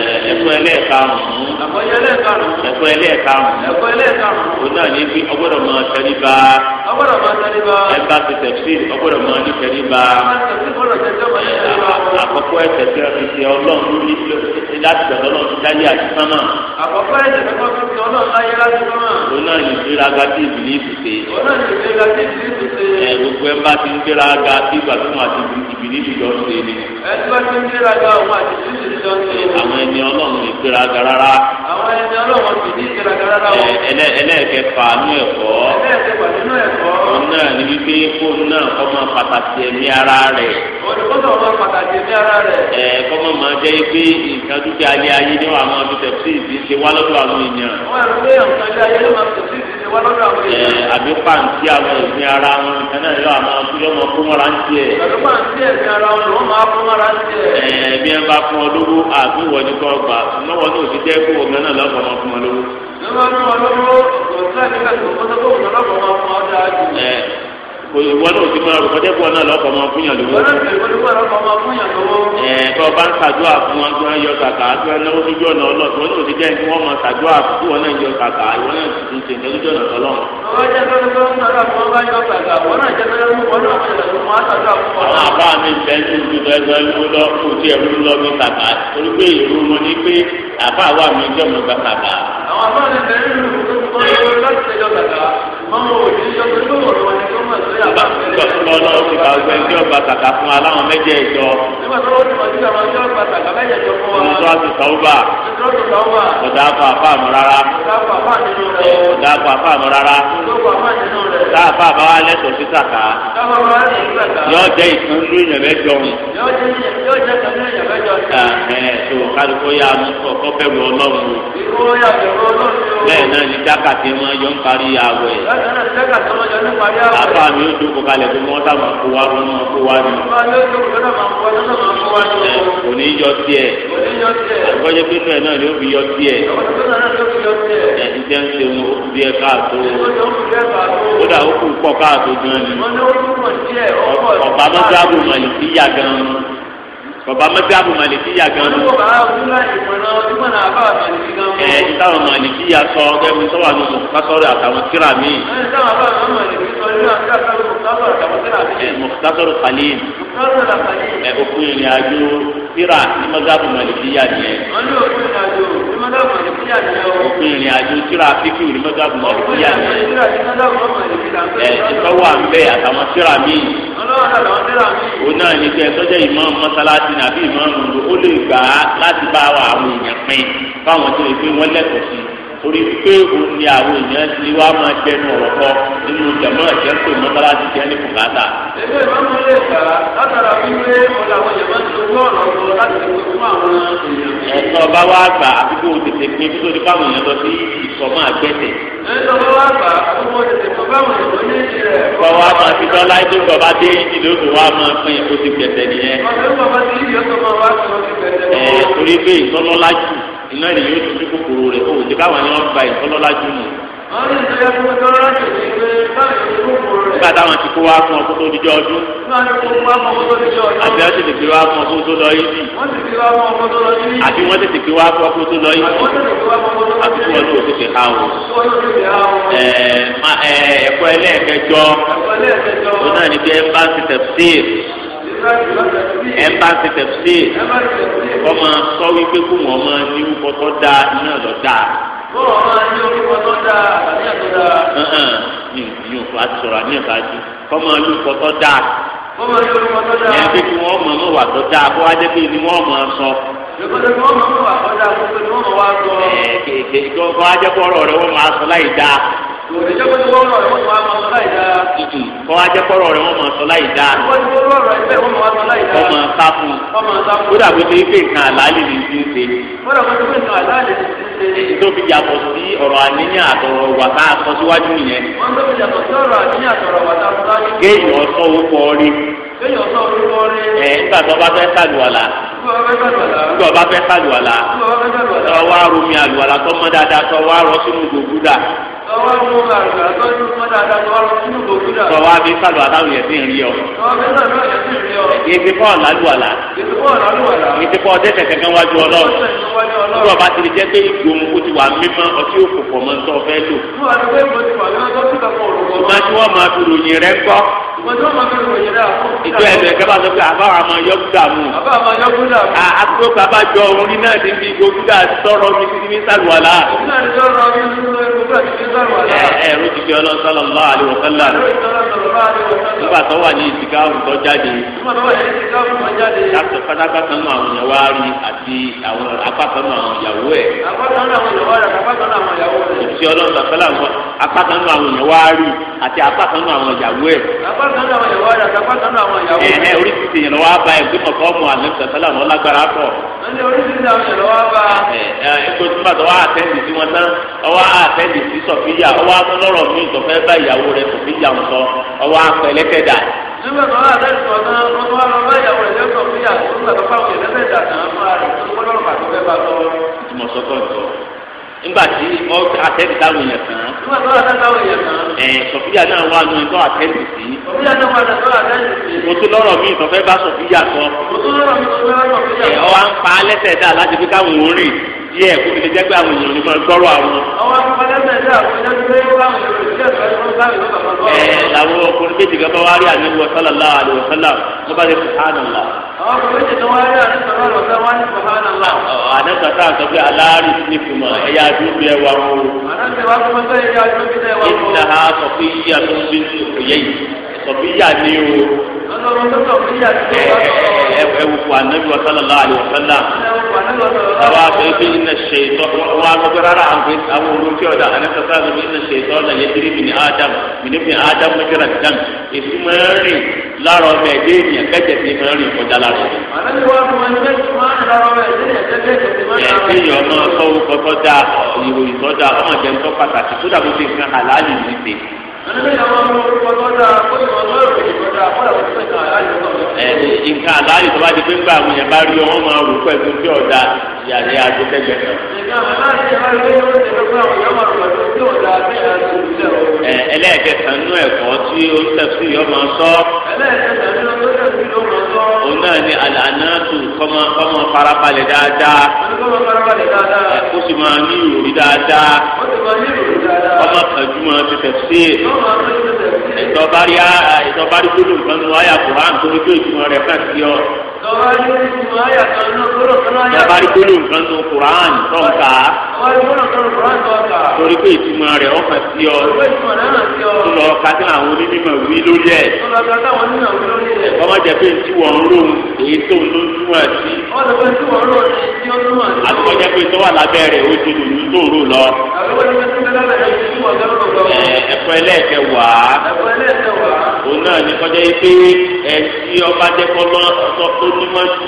B: fún ẹ̀kọ́ ẹlẹ́ẹ̀karùn-ún. ẹ̀kọ́ ẹlẹ́ẹ̀karùn-ún. ẹ̀kọ́ ẹlẹ́ẹ̀karùn-ún. ẹ̀kọ́ ẹlẹ́ẹ̀karùn
A: bí ọgbọ́dọ̀ máa tẹ̀lé bá. ọgbọ́dọ̀ máa tẹ̀lé bá. ẹ ti tẹ̀sí ọgbọ́dọ̀ máa ní tẹ̀lé bá. àkọ́kọ́ ẹ̀sẹ̀ tí wọ́n fi ṣe ọlọ́run láti ọ̀dọ́ náà ti àti sánmà. àkọ́kọ́
B: ẹ̀sẹ̀ tí wọ́n fi ṣe ọlọ́run láyé láti sánmà.
A: òun náà ìgbéraga tí ìbílí ìbùsè. òun náà ìgbéraga tí ìbílí ìbùsè. ẹ gbogbo ẹ bá ti ń gbéraga ọlọ́run lè gbéra ga rárá.
B: àwọn ẹni ọlọ́run ti ní gbéra
A: ga rárá o. ẹlẹ́ẹ̀kẹfà nú ẹ̀kọ́.
B: ẹlẹ́ẹ̀kẹfà nínú
A: ẹ̀kọ́. òun náà ní wípé kó náà kọ́ máa pàtàkì ẹ̀mí ara rẹ̀.
B: olùkọ́sọ̀ máa pàtàkì ẹ̀mí ara rẹ̀.
A: ẹ kọ́ máa máa jẹ́ pé nǹkan dúkìá alẹ́ ayé ni wọ́n á máa fi tẹ̀síìsì ṣe wá lọ́dọ̀ àwọn èèyàn.
B: wọ́n á rí pé àwọn ọ̀sán
A: àbí pàǹtí àwọn ìpín ara wọn ẹnà yóò àmọ́ kúlẹ̀ ọmọ kó mọ́ra ń tiẹ̀. pẹ̀lú pàǹtí
B: ẹ̀sìn ara wọn ló máa kó mọ́ra ń tiẹ̀.
A: ẹ bí ẹ bá fún ọ lówó àbí ìwọ ni kò gbà lọ́wọ́ náà ti jẹ́ kó omi náà ìwọ náà ti máa rògbòdé bọ̀ náà lọ́kọ̀ máa fún yàn lówó. ẹ tó o bá ń ṣàdúrà fún wọn tí wọn yọ kàkà tí wọn náwó lójú ọ̀nà ọlọ́ọ̀tún wọn náà ti jẹ́ kí wọ́n máa ṣàdúrà fún tí wọn náà yọ kàkà ìwọ náà ti ń ṣèǹkẹ́ lójú ọ̀nà ọlọ́run. àwọn àbá mi bẹ́ẹ̀ ní ìdúró ẹgbẹ́ ló lọ kó tí ẹ̀rú lọ mi kàkà torí pé ìlú mo ní pé àbá
B: mọ́mọ́ òjì ń sọ pé gbọ́dọ̀ wọn ni tó nígbà tó lọ lọ sí ká gbẹ ní ọgbà
A: kàkà fún aláwọn mẹ́jẹ̀ẹ̀jọ.
B: nígbà tó lọ sí ká
A: kódà kó àfààmù rárá kódà kó àfààmù rárá tá a fà bá wà lẹ́tọ̀ọ́ sí sàkà yọ jẹ́ ìtàn lórí ìyẹ̀mẹ́ jọ̀hún. tó kálukó yà mú kọ́kọ́ bẹ̀rù ọlọ́run. bẹ́ẹ̀ náà ni jákàtí wọn yọ ń parí àwẹ̀. àbá mi ó dúkọ kalẹ̀ tó mọ́ sábà kó wa ló mọ́ kó wa ni. kò ní yọ tiẹ̀ àgbọ̀jẹ̀ pínpín ẹ̀ náà ni ó fi yọ tiẹ̀ ẹ̀ ń jẹ́ ń ṣe wọn ó fi díẹ̀ káàtó ó dà ó kú pọ̀ káàtó gan ni ọ̀bá mọ́sáàbù màlì sí yà gan ni bàbá mọ́sáàbù màlì sí yà gan ni. ẹ ìtàwọn màlì sí yà sọ kẹ́mi sọ́wọ́ àti mọ̀kásọ́rọ̀ àtàwọn kíra mi. mọ̀kásọ́rọ̀ kàlí ẹ̀ òkú ìrìn àjò tíra ní mọ́sáàbù màlìkíyà nìyẹn.
B: wọ́n ní òfin ìrìn àjò ní mọ́sáàbù màlìkíyà nìyẹn.
A: òfin ìrìn àjò tíra fíkì ní mọ́sáàbù màlìkíyà nìyẹn. ẹ ìtọ́wọ́ à ń bẹ àtàwọn tíra míì. o náà ní kí ẹ tọ́jọ́ ìmáàmù mọ́sálásí nàbí ìmáàmù lò ó lè gbà á láti bá àwọn èèyàn pín fáwọn tó lè pé wọ́n lẹ́kọ̀ọ́ sí i torí pé òun ni àwọn èèyàn ti wá máa jẹnu ọ̀rọ̀ kọ nínú jàmọ́ ẹ̀jẹ̀ pé mọ́tàlá ti jẹ́ ní bùkátà.
B: ẹgbẹ́ ìfọ́nmọ́ lè gbà látara wípé ọ̀la àwọn jàmọ́ ti tó ọ̀rọ̀ lọ láti fi fún àwọn èèyàn. ẹ̀sọ́ bá wá
A: gbà àbíkó tètè pé tó ní báwọn èèyàn lọ sí ìsọmọ àgbẹ̀tẹ̀. ẹ̀sọ́ bá
B: wá gbà àbíkó tètè pé báwọn èèyàn ní ìrẹ̀.
A: bọ́wọ́ a máa wa máa pín ẹ̀kọ́ ti iná rẹ̀ yóò tutù kòkòrò rẹ̀ kò jẹ́ káwọn ni wọ́n gba ìtọ́lọ́lá jù mọ́. nígbà táwọn ti kó wá fún ọkọ tó dijọ́ ọdún. àti wọ́n tètè wá fún ọkọ tó lọ
B: yìí. àti wọ́n
A: tètè wá fún ọkọ tó lọ yìí. àti wọ́n tó tètè ha o. ẹ̀ẹ́dẹ́gbẹ̀ẹ́ ẹ̀kọ́ ẹlẹ́ẹ̀kẹjọ. ó náà ní bí ẹ bá ti tẹ̀ sí ẹ bá ti tẹ̀sí kọ́ máa sọ wípé kó wọ́n máa ní orúkọ tó dáa iná lọ da kó wọ́n máa ní orúkọ
B: tó dáa àbíyàn tó dáa.
A: ní ìyún fún àti sọ̀rọ̀ àníyàn bá jù kọ́ máa ní orúkọ tó dáa. kọ́ máa ní orúkọ tó dáa. ẹ bí kí wọ́n mọ̀ mọ́ wà tó dáa kó wá jẹ́ pé ni wọ́n máa sọ. ìgbésẹ̀ kí wọ́n mọ̀ mọ́ wà tó dáa kó pé ni wọ́n mọ̀ wá sọ. ẹ̀ẹ́dẹ̀ẹ̀dẹ̀ lórí ìjọba tí wọ́n rọ̀ rẹ̀ wọ́n máa sọ láì dáa.
B: kọ́ ajẹ́kọ́rọ̀ rẹ̀ wọ́n máa sọ láì dáa. wọ́n ti wọ́n rọ̀ rẹ̀ wọ́n máa sọ láì dáa. wọ́n
A: máa sá fún un. wọ́n máa sá fún un. kódà bó ṣe pé nǹkan àlàálẹ̀ ni ti ń ṣe. kódà bó ṣe pé nǹkan àlàálẹ̀ ni ti ń ṣe. tó fi yàtọ̀ sí ọ̀rọ̀ àníyàn àtọ̀rọ̀ wà tá a sọ síwájú yẹn. wọ́n tó fi
B: yàtọ̀ sí ọ̀rọ̀ àníyàn àtọ̀rọ̀ wà tá a sọ síwájú yẹn. kéèyàn
A: sọ orúkọ rí nígbà tó bá fẹ́ sàlùwàlà nígbà tó bá fẹ́ sàlùwàlà tó wá romi àlùwàlà tó mọ́ dáadáa tó rọ sínú gbògbúdà
B: tọwọ́ mú àgbà tọ́jú fún dáadáa tọwọ́ lọ sínú gbogbo dà. tọwọ́
A: àbí sálù àtàwọn yẹn ti ń rí ọ. tọwọ́
B: àbí sálù yẹn ti ń rí ọ.
A: ètè pọ̀ lálùwàlà.
B: ètè pọ̀ lálùwàlà.
A: ètè pọ̀ dẹ́sẹ̀ kẹ̀kẹ́ wájú ọlọ́run. tó o bá ti di jẹ́ pé ìgbòho o ti wà mímọ́ ọtí òkò pọ̀ mọ́ tó o fẹ́ lò.
B: ṣùgbọ́n
A: tí wọ́n máa fi ròyìn rẹ gbọ́. ìjọ ẹ̀bẹ̀ kẹ́ bá sọ pé àbá àmọ́ yọ́gúdà mu. àbá àmọ́ yọ́gúdà mu. àtúntò bàbá jọ orin náà ti fi gbogbo sọ̀rọ̀ mi sí ní sálùwàlà. òun
B: ti sọ̀rọ̀ mi sí ẹ̀rú eh,
A: eh, ti fi ọlọ́run sọ́lọ̀ lọ́wọ́ àlewọ̀ nígbà tó wà ní ìsìká jáde àwọn ìyàwó àti àwọn àwọn ìyàwó eh, àwọn ìyàwó àti àwọn ìyàwó lágbára fi yà ọwọ́ akọlọ́rọ̀ mi tó fẹ́ bá ìyàwó rẹ̀ kò fi yà ń sọ ọwọ́ apẹlẹ́tẹ̀ dà.
B: nígbà tó wà lẹ́yìn tó náà wọ́n tó wà lọ bá ìyàwó rẹ̀ lẹ́kọ̀ọ́ fi yà tó gbàdọ̀ fáwọn ìlẹ́fẹ̀ dà náà máa rẹ̀ tó kọ́lọ́rọ̀ pàtó fẹ́ bá tọ́. ìmọ̀ sọ́kọ̀ ìtọ́ nígbà tí atẹ́tì táwọn èèyàn kan. nígbà tó wà táwọn èèyàn kan.
A: ẹ sọfíà náà wà nù ẹ̀tọ́ atẹ́tì sí.
B: sọfíà náà wà nù ẹ̀tọ́ atẹ́tì sí.
A: mo tún lọ́rọ̀ mi ìtọ́fẹ́ bá sọfíà sọ.
B: mo tún lọ́rọ̀ mi ìtọ́fẹ́ bá sọfíà
A: sọ. ẹ ọ wá ń pa á lẹ́sẹ̀ dá láti fi káwọn òórìn díẹ̀ kó fi lè jẹ́ pé àwọn èèyàn ní máa gbọ́rọ̀ àwọn.
B: àwọn akọ̀ọ́lẹ́ mẹ́ta àwọn ẹ̀jẹ̀ tó ń bá àwọn
A: èèyàn ẹ̀ làwọn ọkùnrin méjì kan bá wá rí àní wọ sálà lá àlè wọ sálà wọn bá lè fi hànà lá. àwọn ọkùnrin méjì
B: kan wá rí àní sọ̀rọ̀ lọ sọ wọn ní fi hànà lá. àná
A: kàtà sọ pé aláàrí ní kùmọ̀ ẹ̀yà àdúgbò ẹ̀ wà wọn. àná kàtà sọ pé ẹ̀yà àdúgbò ẹ̀ wà wọn. ìlà ha sọ pé yíyà tó ń bí òkòyẹ yìí sọ pé yíyà ni o.
B: ọlọ́run tó sọ pé yíyà ti
A: tó wá sọ. ẹ àwa fẹ́ fi iná ṣe ìtọ́ wa gbogbo rárá àwọn àwọn olóòtú ọ̀dà anẹ́sọ̀tà ló fi iná ṣe ìtọ́ ọ̀nà yẹtìrì mi ní Adam mi ní fi Adam mi jẹ́ra dam èsì máa ń rìn lára ọmọ ẹ̀dẹ́ ènìyàn kẹ́jẹ̀ sí máa ń rìn kọjá lára ẹ̀. ẹ̀sìn yìí ọmọ sọ́wọ́ kọ́tọ́ dá ìròyìn tọ́ dá ọmọ jẹun tó pàtàkì tó dàbí fi nǹkan àlàálì nìyí ẹni nǹkan àlàyé tó bá di pé ń bá àwọn yẹn bá rí ọ wọn máa rò pẹ̀lú tí ọ̀dà ìyàrá àti tẹ́gbẹ́ kan. ẹlẹ́ẹ̀kẹsàn-án ẹ̀kọ́ tí ó tẹ̀sí yọ máa sọ. ẹlẹ́ẹ̀kẹsàn-án nú ẹ̀kọ́ òun náà ní àlànàtù kọ́mọ kọ́mọ farabalẹ̀ dáadáa ó sì máa ní ìròrí dáadáa ọmọ kàjú máa ti tẹ̀sí ìtọ́bárí gbólóhùn kan ní wáyà kùrán torí pé ìtumọ̀ rẹ̀ kàn sí ọ yàrá ìgbóni nǹkan
B: tó kuran tó ń ka
A: torí pé ìtumọ̀ rẹ̀ ọ̀fà sí ọ tó lọ kátó àwọn onímọ̀ wí lórí ẹ̀ ọmọ jẹ pé ntí wọ́n ń lóhun èyí tó ń ló ń túmọ̀ sí àtúkọ̀ jẹ pé tó wà lábẹ́ rẹ̀ ó ti lòlú tó rò lọ ẹ̀ẹ́dẹ́gbẹ̀rún ẹ̀kọ́ ẹlẹ́ẹ̀kẹ́ wàá òun náà ní kọjá yìí pé ẹtí ọba dẹ́kọ́ lọ sọ tó nímọ̀ jù.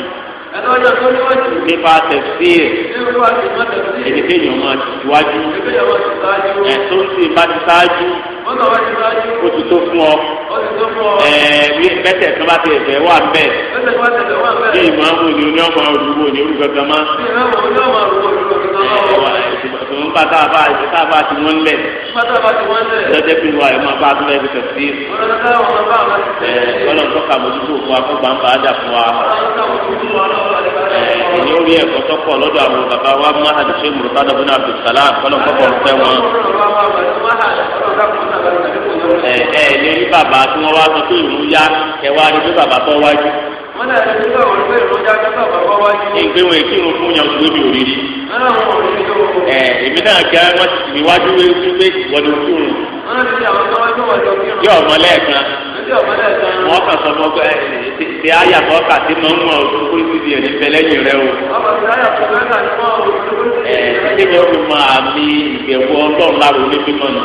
A: ẹnu ọjọ́ tó nímọ̀ jù. nípa tẹ̀síìr. nípa tẹ̀síìr. èdè kéèyàn máa ti síwájú. kéèyàn máa ti síwájú. ẹ̀ tó ń sè bá ti sáájú.
B: ó náà wá ti sáájú. ó
A: ti tó fún ọ. ó ti tó fún ọ. ẹ̀ẹ́ bẹ́tẹ̀ tó bá ti ẹ̀fẹ̀ wà bẹ́ẹ̀. bẹ́tẹ̀ tó bá ti ẹ̀fẹ̀ wà bẹ́ẹ̀. bí ìmọ̀ àwọn òní nípa tá a bá ṣe tá a bá ti wọ́n lẹ̀. nípa tá a bá ti wọ́n lẹ̀. lọ́jọ́ pé wà ẹ̀ máa bá a tún lẹ́bi tẹ̀ sí. ọlọ́run tọ́ka mojútó fún wa fọ́gbà ń bá a dà fún wa. ẹ̀yin ó rí ẹ̀kọ́ tọ́kọ̀ lọ́dọ̀ àwọn bàbá wa máa hàn ṣe mùrùtádà bínú abdulsalam kọ́lọ́kọ́kọ́ fẹ́ wọn. ẹ ẹ ní rí bàbá tí wọ́n wá sọ pé ìlú yá ẹ wá rí bí bàbá tó wájú. wọ́n náà ti ń gbé wọn ìgbé wọn ìkírun fún yàn ẹ èmi náà kí wọn ti tìmí wájú wípé ìwọ́n ló
B: kúrò.
A: yóò mọ lẹ́ẹ̀kan wọn kàn sọ fún ọgbẹ ti àyà kọ kà sí mọ mọ òkú ìdílé ẹni bẹlẹyìn rẹ o. ẹ ṣé kí wọn mọ àmì ìbẹ̀wò ọlọ́run lára onífímọ́ nù.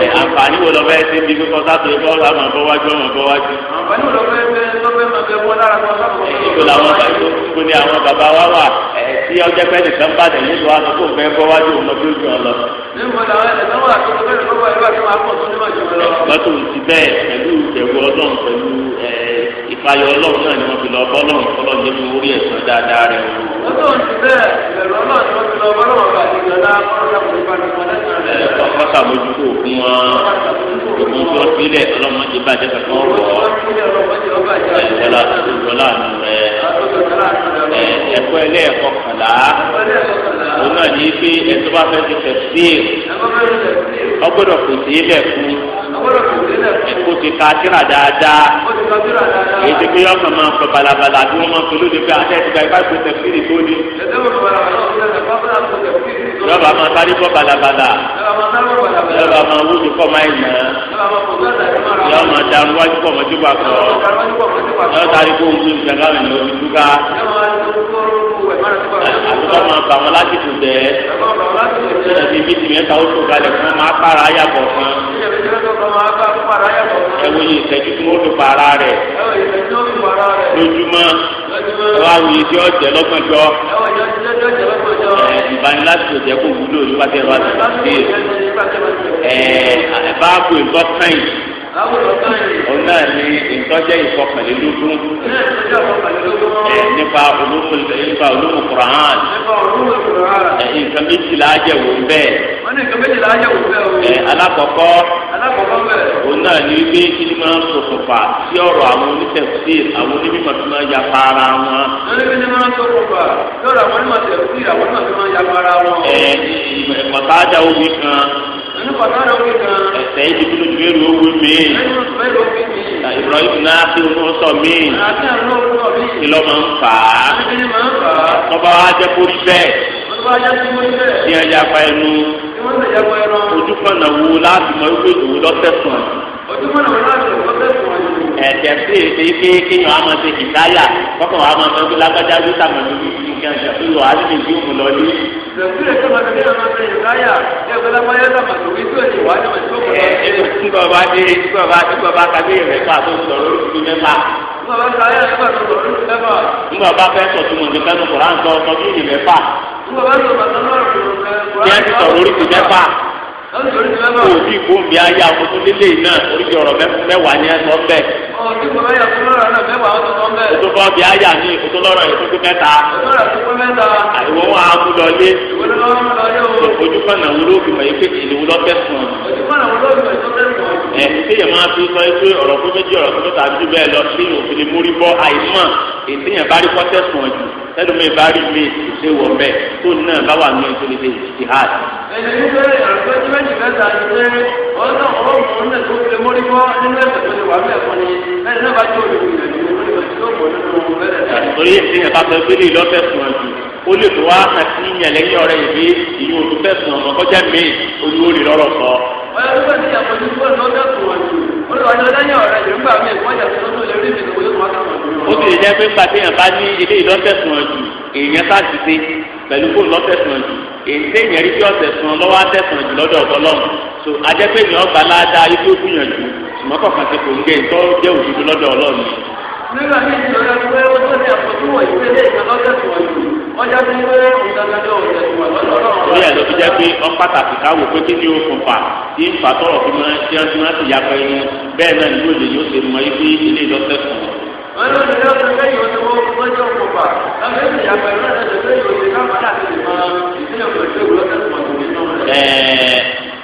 A: ẹ àǹfààní wo lọ fẹ́ ṣe bí kíkọ́ sáto ẹ bọ́ọ̀lù àmọ̀ bọ́wájú ọmọ bọ́wájú.
B: àǹfààní wo lọ fẹ́ ṣe lọ́fẹ́ máa bẹ wọ́n lára kọ́ sábà. ìgbò làwọn
A: bàbá wa wà tí ọjọ́ pẹ́ nìkan bá dẹ̀ nílùú àná kó fẹ́ bọ́ wájú ọ̀nà tó jù ọ lọ. lọ́tún ti bẹ́ẹ̀ pẹ̀lú ìbẹ̀wò ọlọ́run pẹ̀lú ìfàyọ̀ ọlọ́run náà ni wọ́n fi lọ bọ́ lọ́run kọ́lọ́ ní mú orí ẹ̀sán dáadáa rẹ̀.
B: lọ́tún ti bẹ́ẹ̀ ìbẹ̀rù ọlọ́run ni wọ́n fi lọ bọ́ lọ́run bàtí ìjọba ọ̀pọ̀lọpọ̀
A: àmójútó òkun wọn
B: òkun tó sílẹ̀
A: ọlọ́mọdé bàjẹ́ kankan wọ̀ ọ́ ìjọba ìjọba àná rẹ̀ ẹ̀kọ́ ẹlẹ́ ẹ̀kọ́ kàlá òun náà ní pé ẹ̀tọ́ bá fẹ́ ti tẹ̀sí ọgbọ́dọ̀ pèsè ilẹ̀ fún ẹ̀kọ́ ti ka síra dáadáa èyí ti pé yọ ọkàn máa pẹ balabala tí wọ́n máa pẹ lóde pé àti ẹ̀tìgbà ìbá ìpè tẹ̀sí ìdí tó ní. yọba máa bá ní bọ́ balabala yọba máa wúlò kọ́ máa yìí náà yọba máa dàrú wájú kọ́ máa jókòó àkọ́ yọba tàbí kó ń tún ìjàngá mi lọ ojú ká àtúntò máa bà wọn láti tù dẹ́ ẹbí mi tì mẹ́ta ó tó kalẹ̀ fún máa para yàgò fún ẹwọ yìí ìtẹ́jú tí wọ́n fi para rẹ̀ lójúmọ́ ẹwà wòye tí ó jẹ lọ́gbọ̀njọ́ ìbánilásìkò jẹ́ kó wúlò nípa tẹ́ ẹ bá ti ṣe é báàbò ìbọ́sáyìn òun náà ní ìtọ́jẹ́ ìfọkànlélógún nípa olóko nípa olóko kuran nǹkan méjìlá àjẹwò bẹ́ẹ̀. wọ́n
B: ní nǹkan méjìlá àjẹwò
A: bẹ́ẹ̀ o. alákọ̀ọ́kọ́ òun náà ní wípé kí ni máa ń ṣokùnfà sí ọ̀rọ̀ àwọn oníṣẹ̀fì àwọn onímọ̀ tó máa ń ya para wọn. lórí bí
B: ni máa ń ṣokùnfà lọ́rọ̀ àwọn onímọ̀ tẹ̀sí àwọn onímọ̀ tó máa ń ya para wọn. ẹ̀
A: ẹ̀ mọ̀tá
B: omi kan ẹsẹ̀ yìí
A: ti kúló jùlọ owó mi Ibrahim náà fi owó sọ mi kí ló máa ń fà á tọ́ba wa jẹ́ kó rí bẹ́ẹ̀ ní ẹ̀yà apá ẹnu ojú kan náà wo láti mọ ìwé ìdòwò lọ́sẹ̀ sùn ẹ̀jẹ̀ sí èdè pé kéèyàn á máa ṣe ìdáyà kọ́kọ́ wa máa fẹ́ lágbájá ló sàmọ̀ lórí nǹkan ẹ̀jẹ̀ tó lọ àdìmí yóò mú lọ ní.
B: ìṣèkúrẹ́ tó máa fi kéèyàn máa ṣe ìdáyà ẹgbẹ́ lágbájá sàmọ̀ lórí tó ẹ̀jẹ̀ wá ní ọ̀sẹ̀ tó
A: kọ̀ ẹ̀ ẹ̀ tí bàbá dé tí bàbá tí bàbá kábíyè rẹ̀ pa tó sọ̀rọ̀ lórí mẹ́fà nígbà bá fẹ́ sọ tó mọ̀ nípa ẹnu kọ̀ọ̀rán sọ ọ̀sọ́ bí ìyẹn mẹ́fà.
B: nígbà bá sọ bàtà náà rẹ̀ kọ̀ọ̀rán. bí ẹ
A: ti sọ̀rọ̀ orí ti mẹ́fà òbí kò ń bí ayé àkótó lílé iná oríṣi ọ̀rọ̀ mẹ́wàá ni ẹ sọ bẹ́ẹ̀.
B: òtún bọ́ bí ayé àní òtún lọ́rọ̀ yìí tó kú mẹ́ta.
A: àìwọ́ wọn á mú lọ lé. ojú fànà wo ló fi mọ̀ yìí pé èlé wo lọ bẹ́ fún ọ. ẹ̀ ṣéyàn máa fi sọ pé ọ̀rọ̀ fún méjì ọ̀rọ̀ fún mẹ́ta ju bẹ́ẹ̀ lọ ṣéyàn òfin lè mórí bọ́ àìmọ̀ ètèyàn bá rí kọ́tẹ́sùn ọ̀jù sẹ́dùn mi bá rí mi ṣe wọ̀ mẹ́ tó náà bá wà ní ìtòlè ṣe ti hà.
B: ẹ̀sìn ní pé àgbẹ̀jì méjì mẹ́ta ni pé ọ̀nà ọ̀rọ̀ mọ̀ ní ẹ̀sùn fi mórí bọ́ nínú ẹ̀sùn tó ti wà mẹ́ fún ni lẹ́yìn náà bá jẹ́ olùgbìyànjú lórí ìgbàlódé tó pọ̀ nínú
A: bẹ́ẹ̀. torí èsì yẹn bá sọ pé lè lọ́fẹ̀ẹ́ fún ọ jù ó lè tó wá àti ìyànlẹ́yìn ọ̀rẹ́ ìgbé ìyún olùfẹ́ fún ọmọ kọjá mi olúwo lè lọ́rọ̀ sọ
B: ọ̀yọ́ tó bẹ̀rẹ̀ sí àpòjù kó lọ́jọ́ tó wọ̀ jù ó lọ ọjọ́ lẹ́yìn ọ̀rẹ́ yìí nígbà míì wọ́n yà tó lè rí ìbìnú yóò máa kàn ó ti jẹ́ pé nígbà téèyàn bá ní ilé ìlọ́tẹ̀sùn ọ̀jù
A: èèyàn bá ti dé pẹ̀lú fóònù lọ́tẹ̀sùn ọ̀jù èyí téèyàn rí bí ọ̀tẹ̀sùn lọ́wọ́ àtẹ̀sùn ọ̀jù lọ́dọ̀ ọ̀tọ́lọ́run so lọ́dọ̀ ọlọ́run.
B: nígbà tí torí ẹ̀ ló fi jẹ́ pé
A: ọ pàtàkì káwọ́ pé kí ni ó fún fa tí ń fa tọrọ fún mọ tí wọ́n ti máa ti yàgbẹ́ inú bẹ́ẹ̀ náà ni yóò lè yóò ṣe mọ ibi ilé ìlọ́sẹ̀ fún un. wọ́n ló ti lọ́ọ́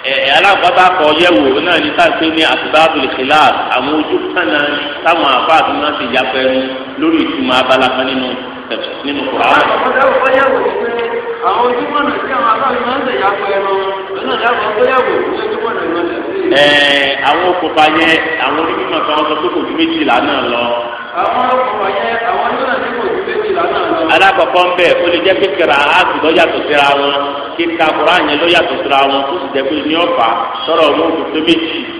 A: fẹ́ alábọ́tà kọ yẹ̀wò náà ní sáàpé ní àtibáàbò ìṣẹ̀lá àwọn táwọn àfáà ti yàgbẹ́ lórí ìtumọ̀ abala kan nínú nínú kùrán.
B: àwọn ojúmọ̀ náà tí àwọn akáwé máa ń tẹ̀yà pọ̀ ẹnu lọ́nà dáàbò ọgbẹ́yàwó ní ojúmọ̀ náà
A: lọ́nà. ẹ àwọn okùnfà yẹn àwọn onímọ̀ kan sọ pé kò ju méjìlá náà lọ.
B: àwọn okùnfà yẹn àwọn onímọ̀ tí kò
A: ju méjìlá náà lọ. alákọ̀ọ́kọ́ ń bẹ̀ ó lè jẹ́ kékeré aláàtú lọ́yàtọ̀ síra wọn kíka kùrán yẹn lọ́yàtọ̀ síra wọn tó sì jẹ́ pé ní ọ̀fà sọ̀rọ̀ ọ̀run òkú tó méjì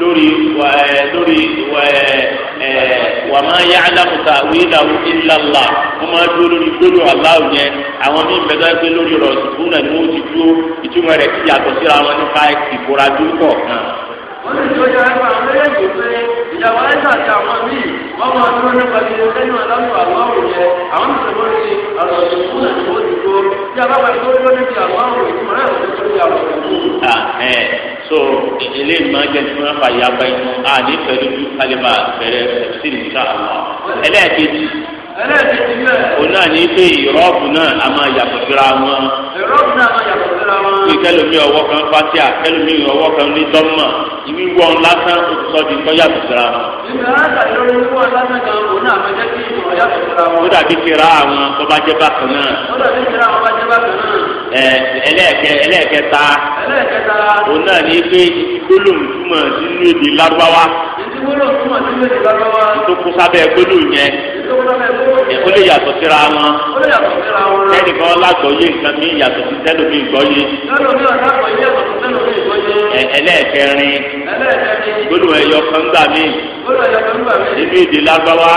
A: lórí lórí wàmá yá alámùtà wíìlà ìlàlá wọn máa dúró lórí gbólù aláwọ yẹn àwọn míì bẹ̀rẹ̀ pé lórí rọ̀ ṣùgbọ́n náà ni wọ́n ti dúró ìtumọ̀ rẹ̀ ti yàtọ̀ síra wọn nípa ìkóra dúró kọ̀ọ̀kan
B: wọ́n lè tó yára gba àwọn méjèèjì pé ìyàwó ẹ̀ṣẹ̀ àti àwọn míì wọ́n máa dúró nípa ti ṣe lẹ́yìn aláwọ̀ àwọn àwòrán yẹn àwọn ìṣòro ti ọ̀rọ̀ ìṣòro náà ni wọ́n ti tó bí abáwá
A: tó so ilé ìmọ̀ jẹ́ tí wọ́n fà yà bá inú àdé pẹ̀lú kálíbà bẹ̀rẹ̀ tẹ̀síìlì sáà
B: òun náà ní pé ìrọ́ọ̀bù
A: náà a máa yàtọ̀ síra wọn.
B: ìrọ́ọ̀bù náà a máa yàtọ̀ síra wọn.
A: pé kẹlòmí ọwọ́ kan fatia kẹlòmí ọwọ́ kan ní dọ́mà ìwí wọ́n lásán òtútọ́ di tọ́ yàtọ̀ síra wọn. ó dàbí kíra àwọn bọ́bá jẹ́ bákan náà. ó dàbí
B: kíra àwọn bọ́bá jẹ́ bákan
A: náà. ẹ ẹlẹ́ẹ̀kẹ ẹlẹ́ẹ̀kẹta. ẹlẹ́ẹ̀kẹta. òun náà ní pé gbólóhùn túmọ̀ sínú èdè lárúbáwá. ìdí gbólóhùn
B: túmọ̀ sínú èdè lárúbáwá. tó
A: kó sábẹ́ gbólóhùn yẹn ó lè yàtọ̀ síra wọn ẹnìkan lágbọ̀ yé nǹkan mi yàtọ̀ sí tẹ́lómi ìgbọ́ yé ẹlẹ́ẹ̀kẹrin gbólóhùn ẹ̀yọ kan gbà mí nínú èdè lágbáwá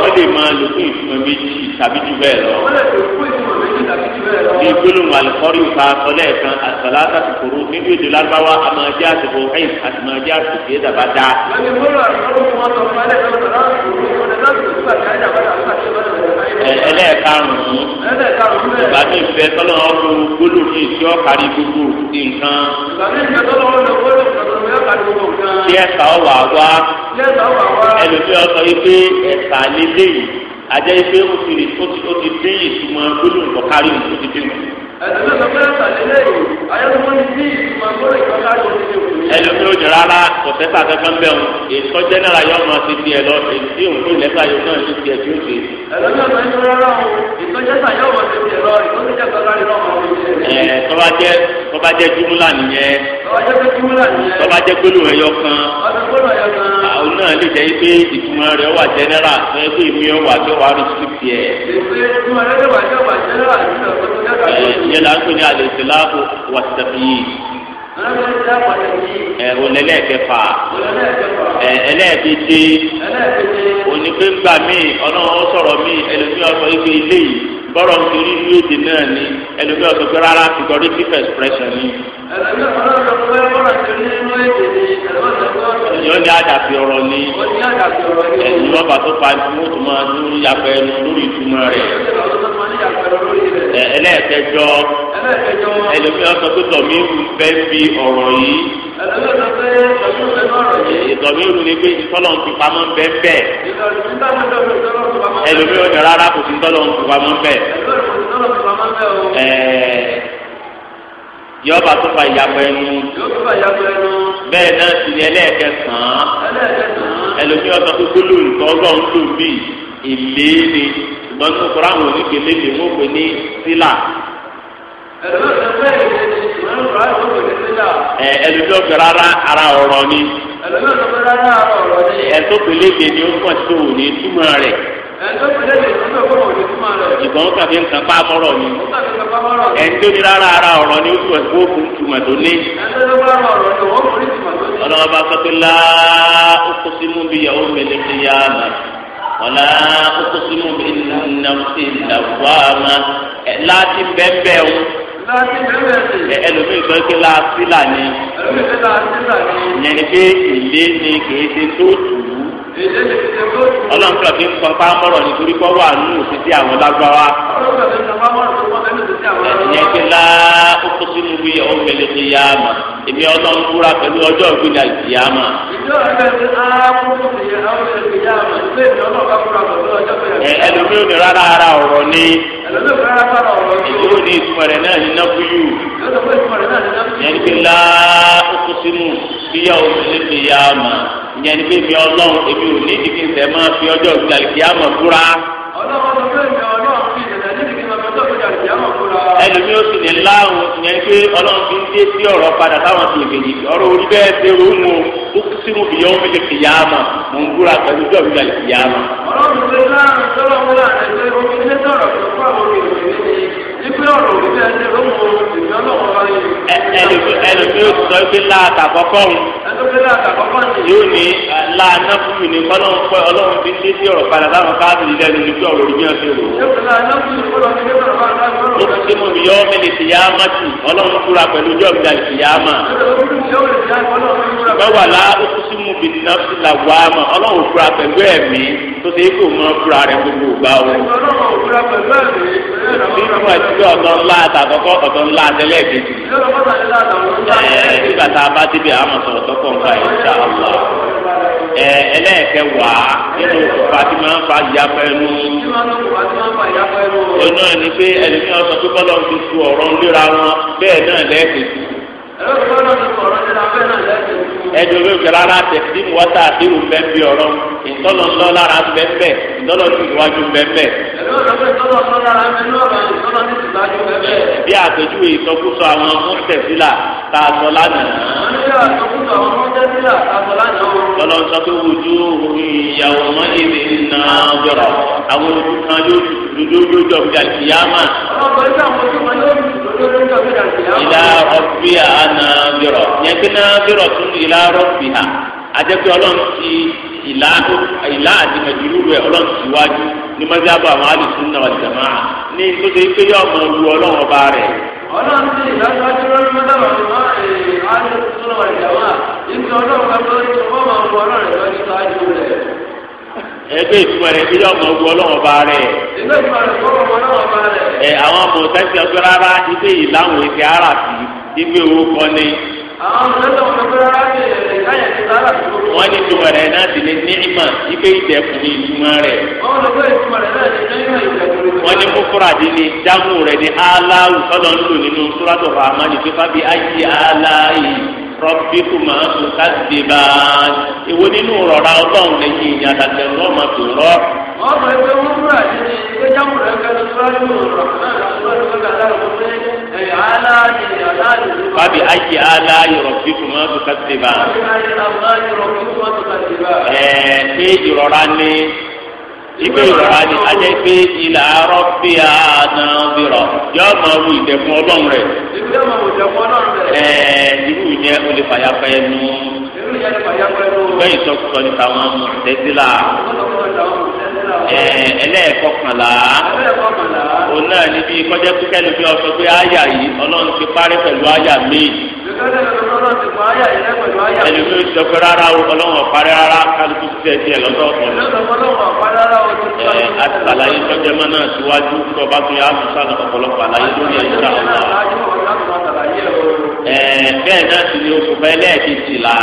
A: wọ́n lè máa lò fún ìtumọ̀ méjì tàbí jù bẹ́ẹ̀ lọ ní gbólóhùn alikọ́rí ìfà sọlẹ̀ kan àtàlà àtàkùrú nínú èdè lágbáwá a máa jẹ́ àsìkò ẹ̀yìn àti máa jẹ́ àsìkò ẹ̀dàbàdà.
B: wọ́n ti gbólóhùn
A: ẹlẹ́ẹ̀karùn-ún ìbàdí ìfẹ́ tọ́lọ́ ọdún gbólóhùn tí ó kárí gbogbo nǹkan. ìbàdí ìfẹ́ tọ́lọ́
B: ọdún gbólóhùn tí ó kárí gbogbo nǹkan. tí
A: ẹ̀ka ọ̀wà wá ẹlòmíràn sọ yìí ẹ̀ka lélẹ́yìn ajẹ́ yìí ó ti dín ìtumọ̀ gbólóhùn tó kárí nǹkan tó ti dín ẹlòmíràn ló fẹ́ràn sàlélẹ̀ yìí ayélujára ní bí ìtumọ̀ gbọ́dọ̀ ìkọ́ká ló ti di òkú. ẹlòmíràn ò jẹ rárá kò sẹ́sà kankan bẹ́ẹ̀ o ètò jẹ́nẹ́ra yọ ọmọ ti di ẹ lọ ètí òun tó lẹ́sà yọ náà ti di ẹ tí ó ti. ẹlòmíràn
B: ló ń sọ rárá o ètò jẹ́sà yọ ọmọ ti di ẹ lọ ètò jẹ́sà kankan ló ń
A: sọ ẹ tọ́ba jẹ́ tọ́ba jẹ́ jumla nìyẹn tọ́ba jẹ́ gbólóhùn ẹyọ kan àwọn náà lè jẹ́ pé ìtumọ̀ rẹ̀ wà jẹ́nẹ́rà tó yẹ ìmú yẹn wà tó wà rí síbi tiẹ̀. ìpè
B: ìtumọ̀ rẹ̀
A: ìyẹn la ń pè ní alèsíláàbù wàtàbíyì ẹ olẹlẹkẹfà ẹ ẹlẹẹkẹjẹ onígbẹgbà míì Ọlọ́run sọ̀rọ̀ míì ẹlòmíì ọsọ ife ilé yìí bọ́rọ̀ nítorí orílẹ̀-èdè náà ni ẹlòmíràn tó gbé rárá ti kọ́ native expression ni. ènìyàn ní àdàfi ọ̀rọ̀ ni ẹ̀sìn lọ́ba tó pa ní mọ́tò máa ń lórí yàgbẹ́ lórí ìtumọ̀ rẹ̀ ẹlẹ́ẹ̀kẹjọ ẹlòmí ọsọ pé tọmí ń bẹ fi ọ̀rọ̀ yìí ìtọmí ń ní pé ìtọ́lọ̀ ń fi pamọ́ ń bẹ bẹ́ẹ̀ ẹlòmí ọ̀dọ̀ rárá kò sí ìtọ́lọ̀ ń fi pamọ́ ń
B: bẹ́ẹ̀
A: yọba tó fa ìyàpọ̀ ẹnu bẹ́ẹ̀ náà sì ni ẹlẹ́ẹ̀kẹsàn-án ẹlòmí ọsọ pé gbólóhùn tó ọlọ́run tó bì ìlé ni ṣùgbọ́n tó kọ́ra àwọn oníkèlè ni wọ́n pè ní sílà. ẹ ẹlòmíràn fẹ́ rárá ara ọrọ ni ẹ̀tọ́ pèlédè ni ó kàn tó òní túmọ̀ rẹ̀ ìbọn kàfé nǹkan pa mọ́rọ̀ ni ẹ̀ńtó ni rárá ara ọ̀rọ̀ ni ó tún ẹ̀kọ́ òkun tùmọ̀ tó ní. ọlọ́wọ́ bá sọ pé láà ó kó bíyàwó wala uqsimu bin nafsil lawwama ẹ̀ láti bẹ́ẹ̀ bẹ́ẹ̀ o ẹlòmíì sọ pé láàsílà ni ìyẹn ni pé èlé ni kìí ṣe tó tù ú ọlọ́run kìlọ̀ fi ń pọn pámọ́rọ̀ nítorí pé wà nù sí sí àwọn lágbára
B: ẹ̀yẹ́ ti la
A: kókó sínú bí ọ̀hún mẹ́lẹ́ ti yá ma èmi ọlọ́run kúra pẹ̀lú ọjọ́ ìgbìnà ti yá ma. ẹlòmíì ò ní rárá ara ọ̀rọ̀ ni èyí ò ní ìtumọ̀ rẹ̀ náà ní náfúyù ẹ̀yẹ́ ti la kókó sínú bí ọ̀hún mẹ́lẹ́ ti yá ma ìyẹn ni bí mi ọlọ́run èmi ò ní kíkí sẹ́ máa fi ọjọ́ ìgbìnà ti yá ma kúra. ọlọ́run ọlọ́run ẹlòmí ó sì ní láwọn yẹn pé ọlọ́run fi ń dé sí ọ̀rọ̀ padà táwọn ti èkejì ọ̀rọ̀ orí bẹ́ẹ̀ ṣe ronú o ó kú sínú ìyá omi lè fìyà àmà mò ń búra pẹ̀lú ìjọ mi lè fìyà àmà.
B: ọlọ́run ti láàrin sọ́wọ́ wọn láti ṣe omi ilé sọ̀rọ̀ fún àwọn obìnrin ní ipe ọ̀rọ̀ orí bẹ́ẹ̀ ṣe ronú o ìgbà ọlọ́run wáyé. ẹlòmí ó
A: sọ yóò ní laana fún mi ní kọ́lọ́n pẹ́ ọlọ́run ti ṣe sí ọ̀rọ̀ padà láwọn káàdì ilé ẹni níbi ọ̀rọ̀ ìyẹn ṣe wò. ó
B: ti ṣe mọ̀ mi yọ ọ́mẹ́
A: lè ṣìyá má tì ọlọ́run fúra pẹ̀lú ọjọ́ ìgbà ìṣìyá má. bẹ́wà lá ó tún sí mu bìtì náà sí là wá mà ọlọ́run fúra pẹ̀lú ẹ̀mí tó ṣe é kó mọ fúra rẹ̀ gbogbo ìgbà o. nínú ẹ̀sìn ọ̀dọ́ ńlá àtàkọ́kọ́ ọ̀dọ́ ńlá àtẹ́lẹ̀ sọ̀nka insha Allah ẹ ẹlẹ́ẹ̀kẹ́ wá nínú fatima fa yapẹ́nu ọ̀nà ni pé ẹlẹ́mìíràn sọ pé bọ́lá ń tutù ọ̀rọ̀ ń lera wọn bẹ́ẹ̀ náà lẹ́ẹ̀kẹ́ tutù ẹjọ bí òkè rárá tẹsí mu wọta àdéhùn bẹẹbi ọ̀rọ̀ ìtọlọ ńlọ lára bẹẹbẹ ìtọlọ ti ìwájú bẹẹbẹ. bí àpèjúwe ìsọkúsọ àwọn mọtẹsílà tá a sọ lánàá. lọ́lọ́ sọ pé wojú ìyàwó mọ́ èdè náà jọrọ̀ àwọn olùkọ́ yóò dúdú lójọ́ ìjà ìyá máa. ìdá ọ̀gbìn àá. nàbìrọ̀ yẹn pé nàbìrọ̀ tún ìlà rọ́ọ̀bì hà àjẹpẹ́ ọlọ́run ìlà ìlà àti rẹ̀ ọlọ́run wájú ní mọ́sáàbù àwọn alùsùn náà n'i jàmá ní tó ṣe pé yọ ọmọ lu ọlọ́run ọba rẹ̀.
B: ọlọ́run ti ọrịa ìwájú rẹ̀ ní mọ́sáàbù náà ìgbà kan tó ń sọ fọ́ọ̀mù
A: ìgbé owó kọ́ ni.
B: àwọn olùdókòwò tó gbé rárá ti rẹ̀ káyà ti sára tó.
A: wọ́n ní tuma rẹ̀ náà ti ní níìmà ìgbé ìdẹ̀kùn ní ìtumá rẹ̀. wọ́n ní kókóra dín ní jámù rẹ̀ ní aláwù sọ́dọ̀ ń lò nínú sóràtọ̀ fàmánì pé fábí ayé aláyè rọ́bìkùmá tó ká ìwọ nínú rọra Ọlọ́run lẹ́yìn ìyàtàtẹ Ọlọ́run ayi ala yọrọbi kuma tó ka ti ba. ẹẹ pé ìrọra ni ibi ìrọra ni a jẹ pé ilà rọbi àná bìrọ yọọ ma wù ìdẹkùn Ọlọ́run rẹ. ẹẹ irú yẹn o lè fàyà fẹ nù. bẹ́ẹ̀ sọ sọ ní tàwọn mọ̀tẹ́sílà. Eh, ẹlẹ́ẹ̀kọkànlá òun náà níbi kọjá pípẹ́nu bí ọsọ pé àyà yìí ọlọ́run ti parí pẹ̀lú àyà míì. ẹni tó ti dọ́pẹ́ rárá o ọlọ́run ọ̀parí rárá kálukú ti tẹ̀ díẹ̀ lọ́sọ̀ọ̀sọ̀. ẹ eh, àti àlàyé tọ́jú ẹmọ náà síwájú tó ọba tó yà á sùn sànà ọ̀pọ̀lọpọ̀ àlàyé lórí ẹ̀ Eh, bẹ́ẹ̀ náà sì ni oṣù fẹ́lẹ́ kejìlá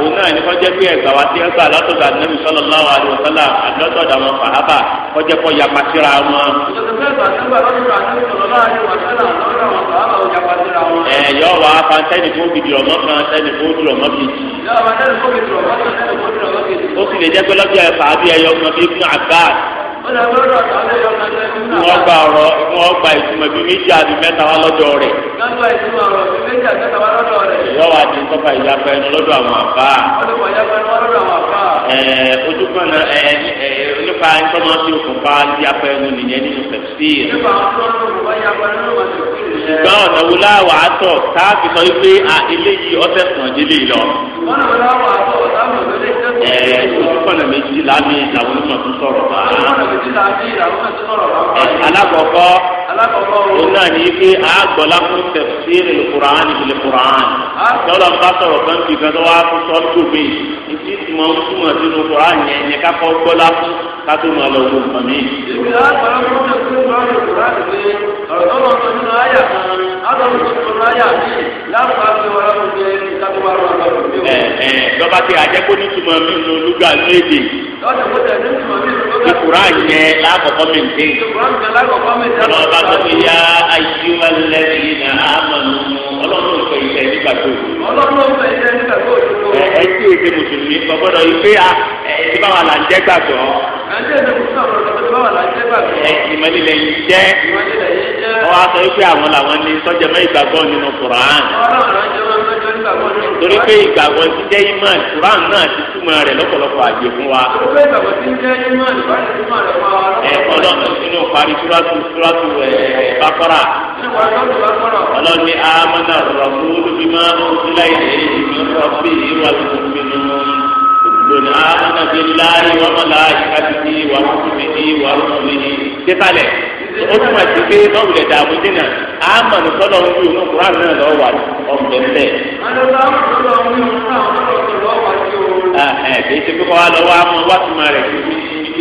A: òun náà ni kọjá pé ẹgbà wa ti ń gbà látọ̀dọ̀ ànábì sallallahu alaihi wasallam àdọ́tọ̀dọ̀ àwọn fàhábà kọjá kọ́ yapa síra wọn. ẹ eh, yọ wá fa sẹ́ni fún bìbì ọmọ kan sẹ́ni fún bìbì ọmọ kejì. ó sì lè jẹ́ pé lọ́jọ́ ẹ̀fà bí ẹyọ kan bí fún àgbà
B: wọ́n gba
A: ọ̀rọ̀ wọ́n gba ìtumọ̀ bíi méjì àbí mẹ́ta wá lọ́dọ̀ rẹ̀. ìyọ́wọ́ àti ìtọ́fà ìyàpẹ́ lọ́dọ̀ àwọn àbá. ojú kan náà nípa ìtọ́nà tí òkùnfà ìyàpẹ́ ẹnu nìyẹn nínú pẹ̀sì. ṣùgbọ́n ọ̀nà wo láwà á tọ̀ káàbì sọ wípé eléyìí ọ̀sẹ̀ sàn délé lọ. ojú kan náà méjì lámì làwọn onímọ̀ tó sọ̀rọ̀ bá alákọ̀ọ́kọ́ ó náà ní pé àgbọ̀lá fún tẹ̀síìrì lùkùrán lùkùrán lọ́dọ̀ bá sọ̀rọ̀ kan kì í kan tó wá fún sọ́ọ́dún mi ìdí tí mo ń túmọ̀ sínú kùrán yẹn yẹn ká kọ́ gbọ́lá fún ká tó máa lọ wọ́n mọ̀ mí. ìgbà
B: àgbọ̀lá fún tẹ̀síìrì lùkùrán ni ọ̀rọ̀ tó lọ sọ nínú àyà kan á lọ sọ nínú àyà mi láǹfà fi wọn ti àjẹkó ní túmọ̀ mi ń dé
A: sọ pé ya ayé wa lẹ́yìn ní àmàlù ọlọ́run ò fẹ́ ìfẹ́ nígbà tó. ọlọ́run ò
B: fẹ́ ìfẹ́ nígbà tó.
A: ẹ ẹ tí èdè mùsùlùmí kò gbọ́dọ̀ yìí pé ẹ ti bá wà láǹjẹ́ gbàgbọ́.
B: láǹjẹ́ ìdè mùsùlùmí kò bá wà láǹjẹ́ gbàgbọ́. ẹ ìmọ̀lélẹ̀ yìí jẹ́. ìmọ̀lélẹ̀ yìí
A: jẹ́. ọ torí pé ìgbàgbọ́ ti jẹ́ imán Quran náà ti túmọ̀ rẹ̀ lọ́pọ̀lọpọ̀ àgbè fún wa.
B: ẹ ọlọ́run nínú parí túrátù túrátù ẹ bákọ́rà
A: ọlọ́run ní amánà rọ̀mú lóbi máa ń fi láì lè ní rọ́bì nínú lónìí bí láàyè wọn mọ̀ láàyè kábíyì mi ní wà mi ní. àmàlù tọ́lọ̀ ń wí inú kuran náà lọ́wọ́ wà ọ̀gbẹ́ bẹ́ẹ̀. kìí ṣe pé kọ́ lọ wá mú wá sí ma rẹ̀ kí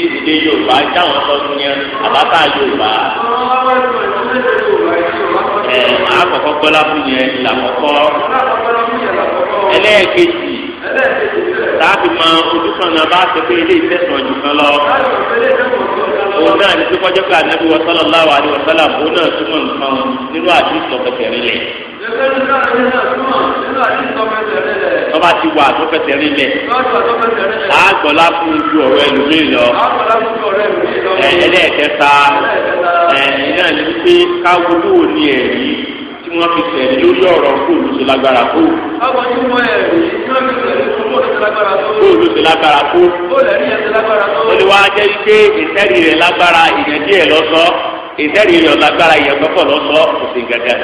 A: ìdílé yorùbá jáwọn sọ yẹn àbáta yorùbá. ẹ màá kọ́kọ́ gbọ́lá fún yẹn náà bá òun náà ní kíkọ́jọ́ pé ànábi wa sallallahu alaihi wa sallam òun náà túmọ̀ nǹkan nínú àti ìtọ́kẹsẹ̀ rinlẹ̀. tọ́ba ti wà tó fẹsẹ̀ rinlẹ̀ àgbọ̀lá fún ju ọ̀rọ̀ ẹlòmíì lọ ẹlẹ́ẹ̀kẹta ẹ̀yìn náà ní pé káwọn olówó ni ẹ̀rí tí wọ́n fi tẹ̀lé lórí ọ̀rọ̀ kó olùsọ lágbára kó. káwọn olówó ẹ̀rí tí wọ́n fi tẹ̀lé bóòlù ti lágbára tó ó lè wá jẹ́ pé ìtẹ́rì rẹ̀ lágbára ìyẹn díẹ̀ lọ́sọ́ ìtẹ́rì rẹ̀ lágbára ìyẹn gbọ́kọ̀ lọ́sọ́ kò sí gẹ́gẹ́.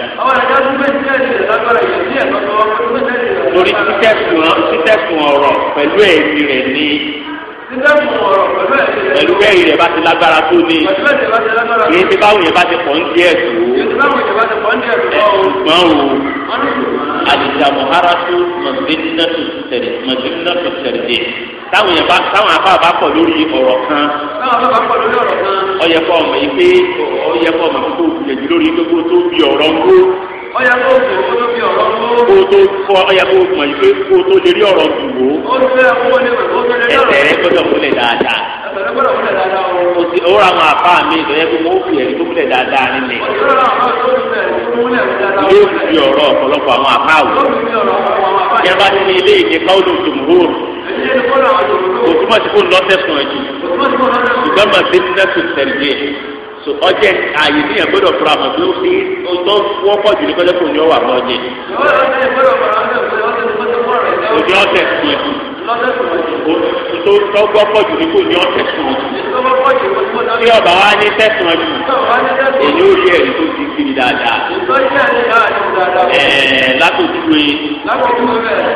A: torí títẹ̀sùn ọ̀rọ̀ pẹ̀lú ẹ̀mí rẹ̀ ní
B: pẹ̀lú
A: bẹ́ẹ̀ yẹn bá ti lágbára tó ní kì í ti báwọn yẹn bá ti pọ̀ ń díẹ̀ tó ṣùgbọ́n o àdìsàmù haratu mọ̀gbẹ́nínàtò tẹ̀lé mọ̀gbẹ́nínàtò tẹ̀lé táwọn yẹn bá táwọn afá bá pọ̀ lórí ọ̀rọ̀ kan ọ̀yẹ̀kọ̀ ọmọ yìí pé ọ̀yẹ̀kọ̀ ọmọ kókó gbìyànjú lórí gbogbo tó
B: fi ọ̀rọ̀ ń gbó ọyà kó o tó o bí
A: ọ̀rọ̀ lówó. kó o tó kọ ọyà kó o mọ̀ yìí pé kó o tó lè rí ọ̀rọ̀ dùn wò. ó ti fẹ́ kó o lè kó o tó lè rí ọ̀rọ̀. ẹsẹ̀ rẹ gbọ́dọ̀ múlẹ̀ dáadáa. ẹsẹ̀ rẹ gbọ́dọ̀ múlẹ̀ dáadáa o. o ti ó ra àwọn àpá mi ìtọ́ yẹ kó o fi ẹ̀rí tó múlẹ̀ dáadáa nílẹ̀. ilé òfin ọ̀rọ̀ ọ̀pọ̀lọpọ̀ àwọn àpá wò. yaba ti ní ilé ìdè káwọ́lù tòmùhóòr òtúmọ̀ tí kò ń lọ sẹ́sùn ẹ̀jù ṣùgbọ́n màá bí nígbà tẹ̀lé so ọjẹ ààyè tí yẹn gbọ́dọ̀ fura mọ pé ó fi ọtọ wọpọ jù ní kọjá kò ní ọwà mọ ọjẹ. òní ọ̀sẹ̀ fún ẹ
B: tó tọ gbọpọ jù ní kò ní ọ̀sẹ̀ fún ẹ tí ọba wa ní tẹsán
A: jù èyí ó rí ẹ̀rí tó ti kiri dáadáa. ẹẹ látòjúwe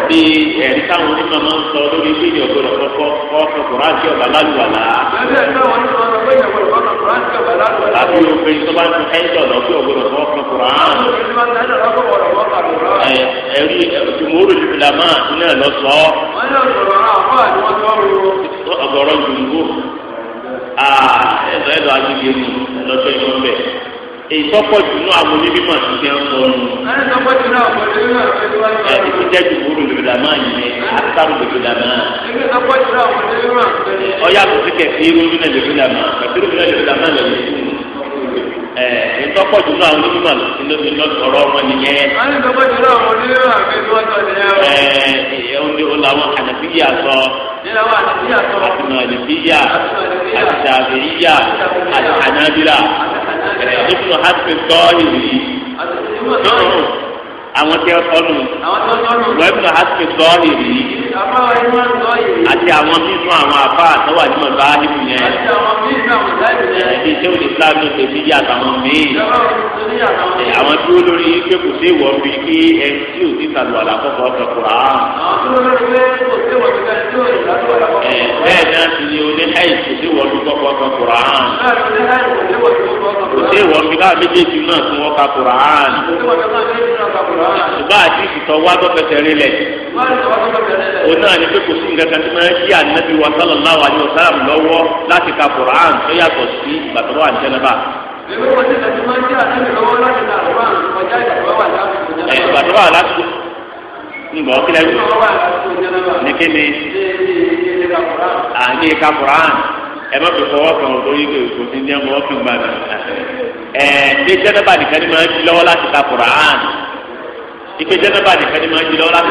A: bí ẹ̀rí táwọn onímọ̀ máa ń sọ lórí pé ìyọ̀gbọ̀dọ̀ kọ́kọ́ kọ́ ọkọ̀ kọ́ra àti ọ̀bà lálùwàlá láti òfin tó bá tún ẹjọ́ lọ bí ògbónà tó wọ́n fún kuran. ẹ̀rí jùmúrù ìfìlámà iná lọ sọ. ọgọrọ jùmúrù ẹ̀rọ ẹ̀rọ àti gèmù lọ́sọ̀ ìwọ̀n bẹ́ẹ̀ èyí tọ́pọ̀ jù náà àwọn onímọ̀ ti fi ń sọ nù.
B: ẹni tọ́pọ̀ jù náà àwọn onímọ̀ ti fi ń sọ
A: nù. ẹni tó jẹ́ jùmọ̀rò lòdà máa ń yẹ àtàrò lòdà máa.
B: ẹni tọ́pọ̀ jù náà àwọn onímọ̀ ti fi ń sọ nù.
A: ọ̀yà kò sí kẹ̀kẹ́ irun náà lòdà máa kẹ̀kẹ́ irun náà lòdà máa lọ sí fún ẹ ẹ tọ́pọ̀ jù náà àwọn onímọ̀ ti lọ sọ̀rọ̀ wọn nìyẹn.
B: ẹni tọ́pọ̀ jù náà àwọn onímọ̀ ti
A: fi ń sọ nìyẹn. ẹ ẹ malikiya asabiriya asanadira ibnu hasan tọ́ọ̀lì yìí àwọn tí ó tọ́nu wẹ́ẹ̀mù àti sọ́ọ̀lì rí àti àwọn nínú àwọn àbá àtọ́wà ní ọ̀dọ́ àdìbò yẹn ẹ̀ẹ́dì tí ó lè sá ló ṣe bí àtàwọn míì àwọn tí ó lórí pé kò sí ìwọ bíi kí ẹni tí ò ti sàlù àlàkọ́kọ́ ọ̀fẹ́ kura. bẹ́ẹ̀ náà sì ni o ní ẹ̀yìn kò sí ìwọ bíi kọ́kọ́ ọ̀fẹ́ kura. kò sí ìwọ bíi káà méjèèjì náà tún wọ́n ka kura. ṣùgbọ́n àti ìsìtọ̀ wá tọ́fẹsẹ̀ rinlẹ̀ o náà ní pé kò sí nǹkan kan tí wọ́n yí ànábi wa sallallahu alaihi wasallam lọ́wọ́ láti ka Qur'an tó yàtọ̀ sí ìgbà tó wà ìgbà tó wà
B: kílẹ̀ ní kíni àní ka
A: ẹ má fi fọwọ́ kan o tó yí kò sí ní ẹ mọ́ fi gbà nìkan ìpè jẹ́nẹ́bà nìkan ni máa ń jí lọ́wọ́ láti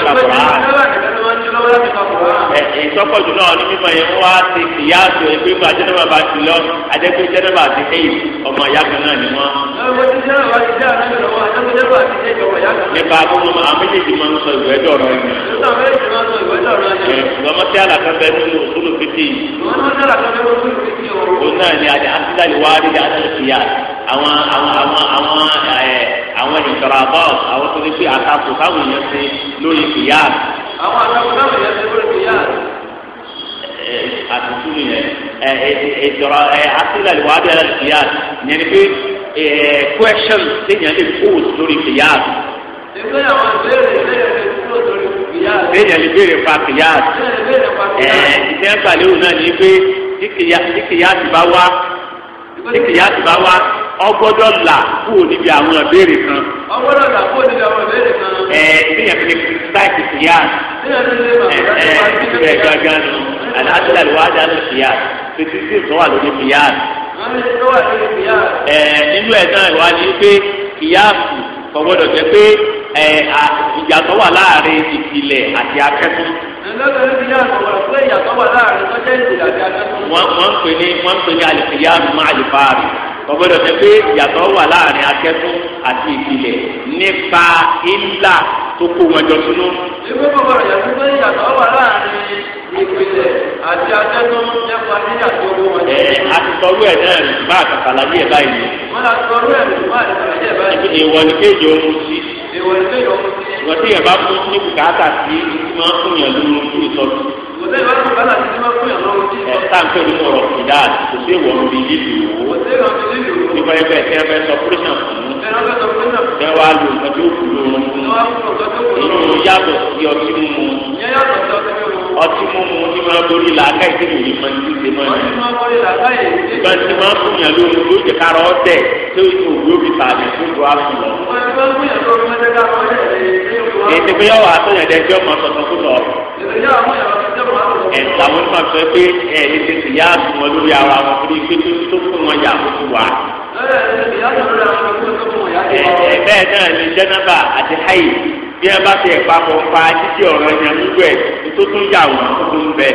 A: kakọ̀ rà. ẹ ìtọ́kọ̀jù náà ní mímọ yẹn wá ti ìyáàtò ìpè fún ajẹ́nẹ́bà bá ti lọ adẹ́pẹ́ jẹ́nẹ́bà ti ẹ̀yìn ọmọ ìyá kan náà ni wọ́n. nípa àbúrò máa méjèèjì máa ń sọ ìwé dọ̀rọ̀ ẹ̀. ìgbọ́mọ tí àlàkà bẹ nínú òṣùlù fìtì. òun náà ni àti àwọn àwọn àwọn àwọn ẹ eh, àwọn ìṣọ̀rọ̀ àbọ̀ àwọn tó ní pé àtakò táwọn èèyàn ṣe lórí ìyá. àwọn àtakò táwọn èèyàn ṣe lórí ìyá. Eh, àtúntò yẹn ẹ ìṣọ̀rọ̀ ẹ asílẹ̀ ìwà àbí ẹ̀rọ ìyá yẹn ni pé ẹ eh, question téèyàn lè pose lórí ìyá.
B: ìgbéyàwó ìbéèrè ìbéèrè kúrò lórí ìyá. téèyàn
A: lè béèrè pa ìyá. ẹ ìṣẹ́ ìpàlẹ́ òun náà ní pé tí ọgbọ́dọ̀ là kúrò níbi àwọn ìbéèrè kan. ọgbọ́dọ̀ là kúrò níbi àwọn ìbéèrè kan. ẹ bíyàn fi táìpì síyá. bíyàn fi lè máa bẹ̀rẹ̀ wá sí ìbéèrè gangan nù. àlàáfíà lè wá dáná síyá. títí tí ìtọ́wà lórí síyá. ẹ nínú ẹ̀ náà wá ní pé ìyá kò gbọ́dọ̀ jẹ́ pé ìyàtọ̀ wà láàrin ìpìlẹ̀ àti akẹ́kọ̀ọ́ wọ́n pè ní wọ́n pè ní àlìfíyà máa àlìfáà rẹ̀ kọ́gbọ́dọ̀ fi pé ìyàtọ̀ wà láàrin akẹ́kọ̀ọ́ àti ìpìlẹ̀ nípa ìlà tó kó wọn jọ sínú. ìwé bàbá rẹ̀ yàtọ̀ pé ìyàtọ̀ wà
B: láàrin ìpìlẹ̀ àti akẹ́kọ̀ọ́ nípa níyà tó kó wọn jọ. ẹ àti
A: sọrú ẹ náà bá àkàkàlàyé ẹ báyìí.
B: wọn àti sọrú ẹ bá àkàkàlàyé ẹ báyìí.
A: ìwọ ni kéèjì ohun sí. ìwọ ni kéèjì ohun sí. ìwọ
B: táǹpẹ̀ ní ọ̀rọ̀ ìdá kò sí ìwọ̀n mi
A: lílù ó nípa ẹgbẹ́ tí ẹ fẹ́ sọ pírísàn fún ẹ wá lò nǹkan tí ó kù lóorun
B: fún inú yàtọ̀
A: sí ọtí mímu ọtí mímu ní máa borí làákà ìdílé yìí máa ń díje máa
B: yìí
A: ìgbà tí máa ń fúnyàn lóorun ló jẹ kára ọdẹ tó yìí tó wúlò bí tààmì tó tó á fún lọ. ètò ìgbéyàwó àtúnyẹ̀dẹ́ tí ọmọ sọ̀tún fún lọ ẹ̀ làwọn onímọ̀ sọ pé ẹ̀ lè ṣe tìyà àtúmọ̀ lórí ara wọn torí pé tó tó fún wọn yà kó wà. ẹ bẹ́ẹ̀ náà ni jẹ́nàbà àti hayi bí ẹ bá ti ẹ̀pá kọ̀ pa títí ọ̀rọ̀ yẹn gbogbo ẹ̀ tó tún yà wọ́n tó tún bẹ̀.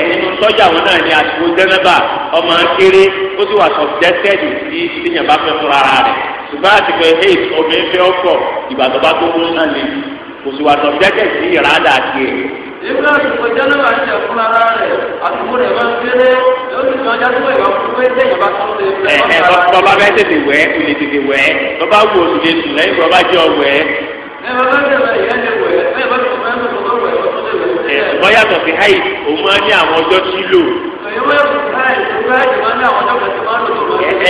A: ẹ̀yin sọ́jà wọn náà ni àsìkò jẹ́nàbà ọmọ akéré ó sì wà sọ̀tẹ́tẹ́ẹ̀dì sí ìyàbá fẹ́ fún ara rẹ̀ ṣùgbọ́n àti pé hey obìnrin fẹ́ ọkọ̀ ìgbà tó bá tó kó náà lè kò sì wà tó jẹ́kẹ̀ sí ìrádà tiẹ̀.
B: ìgbà àsìkò jẹ́nà máa ń jẹ fún ara rẹ̀ àsìkò rẹ̀ máa ń kéré yóò sì máa jáde pé ìwà fún pé tẹ̀yìn bá tó ṣe fẹ́
A: ọ̀rọ̀ rẹ̀. ẹ tọ́ba bẹ́ẹ̀ tètè wẹ̀ kò lè tètè wẹ̀ tọ́ba wù ó lè sùn lẹ́yìn tó bá jẹ́ ọ̀wẹ̀. ẹ bá bẹ́ẹ̀ bẹ́ẹ̀ ìyá ẹ̀ wẹ̀ bẹ́ẹ̀ bá tó fẹ́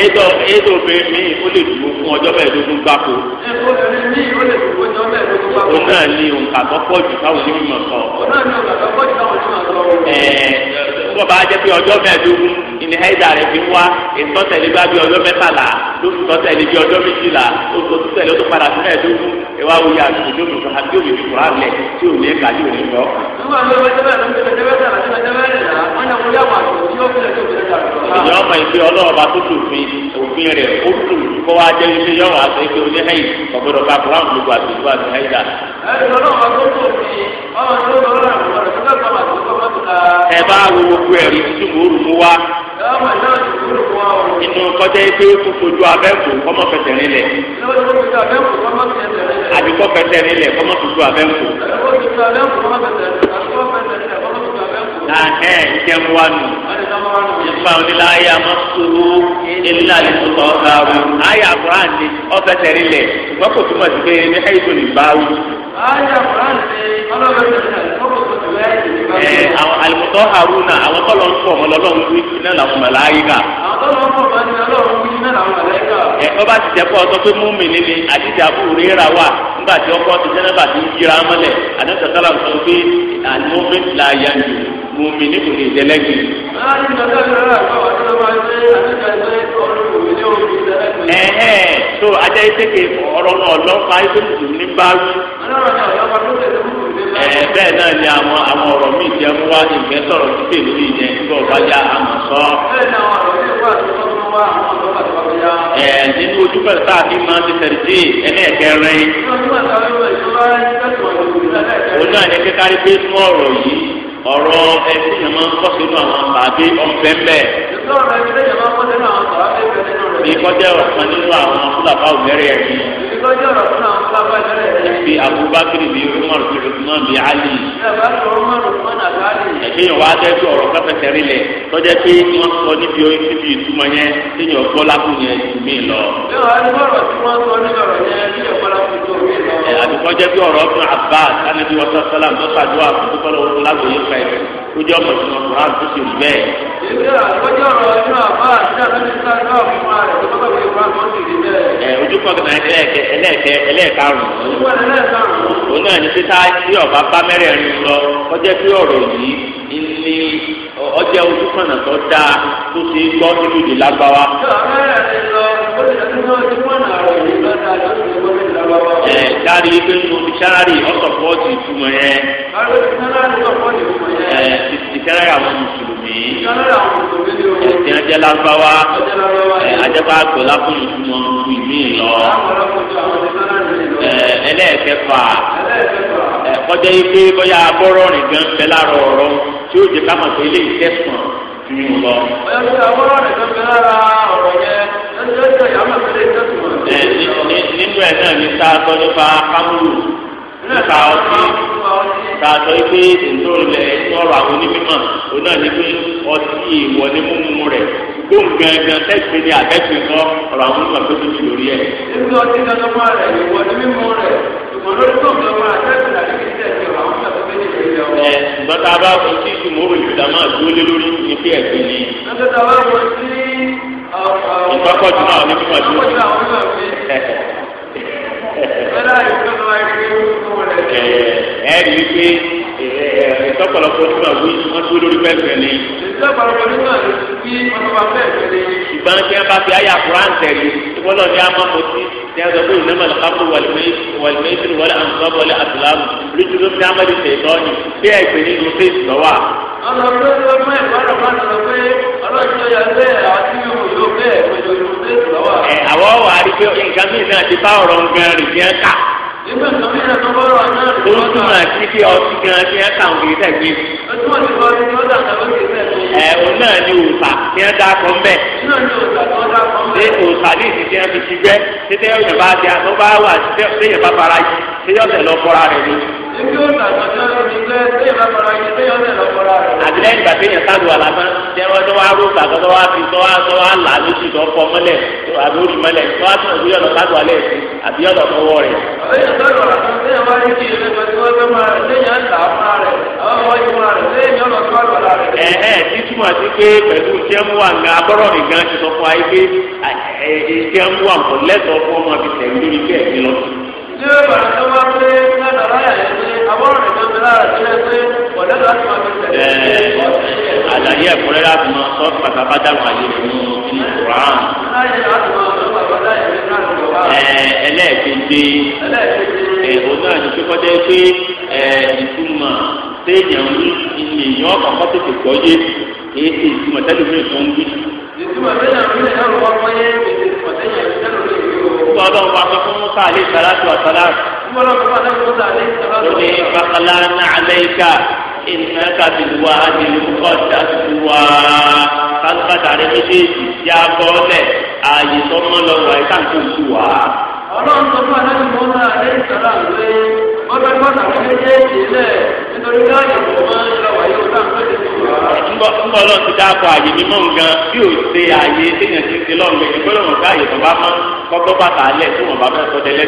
A: ètò ètò obìnrin mi ò lè dúró fún ọjọ́ mẹ́ẹ̀ẹ́dógún gbáko. obìnrin
B: mi ò lè dúró fún ọjọ́ mẹ́ẹ̀ẹ́dógún
A: gbáko. òun náà ni òǹkà tó pọ̀ jù táwọn onímọ̀ sọ. òun
B: náà ni òǹkà tó pọ̀ jù táwọn onímọ̀
A: sọ tó bá jẹ́ pé ọjọ́ mẹ́ẹ̀ẹ́dógún ìní ẹ̀dá rẹ̀ fi ń wá ìtọ́tẹ̀lé bá bí ọjọ́ mẹ́tàlá lóṣù tọ́tẹ̀lé bí ọjọ́ méjìlá oṣù tó tẹ̀lé ó tó padà sí mẹ́ẹ̀ẹ́dógún ìwà wo ya àti ìdóbi tó ha tí òbí fi kura lẹ̀ tí ò ní ẹ̀ka tí ò ní lọ.
B: ìyá ọmọ
A: ìgbé ọlọ́ọ̀bá tó tù fi òfin rẹ̀ ó tù kó wá jẹ́ ilé yọ̀rọ̀ àti ìgbé oní ẹ̀yìn ọ̀gbọ́dọ̀ ká kúrò àwọn olùkọ́ àti ìgbà àti ẹ̀yà. ẹ bá wo irú ẹ̀rí tí mo rù mú wá. inú kọjá yìí pé kó abẹ́kù kọ́mọ nílẹ̀. àdìgbò nílẹ̀ kọ́mọ abẹ́kù. Ahẹ́ ìjẹun wa nù. Ìfà onílà ayé amásòwò ilé àlejò ọ̀gáru. Ayé àbúrán ni ọ̀fẹ́ tẹ̀rí lẹ̀. Ṣùgbọ́n kò túmọ̀ sí ní ẹ̀yìn tó lè bá
B: Ayé àbúrán ni ọlọ́fẹ́ tẹ̀rí
A: ẹ eh, àwọn alimutọ haruna àwọn tọlọ ń sọ ọmọlọlọ ń wí iná làwọn mọlá yìí kà. ẹ̀kọ́ bá ti jẹ́kọ́ ọtọ́ pé múmi nílé àdìjà àbúrò rà wà nígbà tí ọkọ ti jẹ́ nígbà tí ń mọ́lẹ̀ sọ pé yà jù múmi ní kò ẹ̀hẹ́ tó ajá yìí tẹ̀kẹ̀ ọ̀rọ̀ náà lọ́pàá yìí tó ní báwí. ẹ̀ẹ́ bẹ́ẹ̀ náà ni àwọn àwọn ọ̀rọ̀ jẹ́ wá títẹ̀ lórí ẹ nínú ojúbẹ tá a fi máa ń ti tẹ̀lé ẹlẹ́ẹ̀kẹrin òun náà ní kékeré pé fún ọ̀rọ̀ yìí ọ̀rọ̀ ẹbí yẹn máa ń kọ́ sínú àwọn bàbí ọ̀npẹ́ńpẹ́. ìkọ́jẹ́ ọ̀kan nínú àwọn fúlàfáà òmẹ́rẹ̀ ẹ̀mí. ìkọ́jẹ́ ọ̀kan bí abubakar bí umar bí usman bí ali. ẹ̀kẹ́yìn wa dẹ́gbẹ́ ọ̀rọ̀ pẹ́pẹ́tẹ́rì lẹ̀ tọ́jà pé wọ́n sọ níbi níbi ìtumọ̀ yẹn lẹ́yìn ọ̀gbọ́n lákùn yẹn mi lọ. àdìgbọ́jẹ́ bí ọ̀rọ̀ ọdún abbas anabi wọ́n sọ sọ́lá ń tọ́ta jọ àkókò kọ́lọ́ wọn lágbo yẹn fẹ́ ojú ọmọ ìtumọ̀ kùrán tó ti bẹ́ẹ̀
B: ojúkọ
A: kan ẹlẹ́ẹ̀kẹ́ ẹlẹ́ẹ̀kẹ́ ẹlẹ́ẹ̀karùn-ún òun náà ní títà tí ọba bá mẹ́rẹ̀ẹ̀rin lọ ọjẹ́ tí ọ̀rọ̀ yìí ní ọjẹ́ ojúkọ̀nà tó dáa tó ti gbọ́ nínú ìdè lágbáwá. ẹ dárí pé mo ti sárárì ọ̀sọ̀pọ̀ ti túmọ̀ yẹn. ẹ ti ìṣẹ́rẹ́ àwọn mùsùlùmí ẹ̀sìn ajẹ́ lárúbáwá ajẹ́pá àgbẹ̀ lápò mùsùlùmí ìlú ìlọ ẹlẹ́ẹ̀kẹfà kọjá yìí pé bóyá abọ́rọ̀ nìkan fẹ́ láàrọ̀ ọ̀rọ̀ tí ó jẹ ká mọ̀ pé ilé ìtẹ̀sán ti ń lọ. nínú ẹ̀ náà ní sáà tọ́jú bá kámúlù nípa ọtí tààtọ̀ pé ètò ilẹ̀ ọ̀rọ̀ àwọn onímọ̀ òun náà ní pé ọtí ìwọlé múmu rẹ̀ gbóhùn gangan tẹ́sí ni àtẹ́sí ń ọ̀rọ̀ àwọn onímọ̀ tó tóbi lórí ẹ̀.
B: ìlú ọtí dandan máa
A: ìwọlé mímú rẹ̀ ìmọ̀lódé tó ń bẹ wọn àtẹ́sí àti kìtẹ́sí ọ̀rọ̀ àwọn onímọ̀ tó tóbi lórí ẹ̀. ẹ tá a bá fọ sí ìmọ̀rò ẹ ẹ rí i pé ìtọ́pọ̀lọpọ̀ tí wọ́n wí wọ́n tó lórí pẹ́ẹ́pẹ́ ni. ìtọ́pọ̀lọpọ̀ tí wọ́n wí wọ́n
B: tó wà pẹ́ẹ́pẹ́ ni.
A: ìgbà tí wọ́n bá fi àyà kuran tẹ̀lé ìfọlọ́ ní amámọ́tí ní ẹ̀rọ pé ìnáwó àlùkápò wàlùmẹ́sìn wọlé àǹsọ́bọ̀lẹ̀ àtìlámù lójú ló fi amẹ́rì tẹ̀tọ́ ni bí ẹgbẹ́ nínú fèsì lọ́wọ́.
B: ọlọ́run ló ń lọ ẹ
A: wà á rí pé nǹkan mìíràn náà ti bá ọ̀rọ̀ nǹkan rìn fi ń ó túmọ̀ sí pé ọtí gan fi ń kà ń kiri ẹ òun náà ni òòsà fi ń dákọ̀ ń ṣé òòsà ní ìdí tí wọ́n fi ti gbẹ́ títí ẹ̀yìn bá ti àtọ́ bá wà títí ẹ̀yìn bá fara yìí títí ọ̀sẹ̀ lọ fọ́ra rẹ̀ ni.
B: ebi ìgbà tí èèyàn sálù
A: àlámá jẹ́ wọ́n tó wá gbàgbọ́ tó wá fi tó wá tó wá là lójú tó fọ mọ́lẹ̀ tó wá lórí mọ́lẹ̀ tó wá tún ọ̀nà ọ̀nà
B: tó
A: ẹ ẹ títúmọ̀ pé pẹ̀lú jẹ́múwà nga abọ́rọ̀ ti sọ fún wa yìí pé jẹ́múwà lẹ́tọ̀ọ́ fún ọmọ bìtẹ̀ lórí bẹ́ẹ̀ ni tí ó bá tó wá pé lẹ́nu aláyà yẹn pé àwọn ọ̀rẹ́ tó ń bẹ lára tó yẹ pé ọ̀dọ́ láti máa fi tẹ̀lé. àlàyé ẹ̀kúnrẹ́ láti máa sọ pàtàkì dáhùn àyè fún ti Quran. ẹlẹ́ẹ̀kejì ẹ̀hún náà ní pé kọ́jọ́ pé ìtumọ̀ téèyàn ní ènìyàn kọ́kọ́ tètè gbọ́ yé kí èsì ìtumọ̀ tẹ́lẹ̀ mi kan bí.
B: ìtumọ̀ tẹ́lẹ̀ mi kan wọ́n wáyé èsì ìtumọ̀ tẹ́lẹ̀ mi kan bí òkúta ọlọ́run wa sọ fún musa alẹ́
A: sàlátù àtàlá. lórí bàkàlà náà amẹ́ríkà ìnà kàbíluwa àdìlúkọ̀ dàdúwa kálukàtà rẹ méjèèjì yá bọ́ lẹ̀ ààyè tó mọ́ lọ wà ẹ̀ká tó tù wá.
B: ọlọ́run sọ fún alẹ́ musa alẹ́ sàlátù pé ọlọ́run bàtà méjèèjì lẹ̀ nítorí káyọ̀ tó máa ń lọ ńgbọ́ lọ́n ti dáàbọ̀ àyè mímọ́ nǹkan bí ò ṣe
A: àyè téèyàn ti ṣe lọ́n gbẹ̀gbẹ̀ gbọ́dọ̀ wọn káàyè tó bá mọ́ kọ́kọ́ bàtà alẹ̀ tí wọn bá fẹ́ sọ tẹ́lẹ̀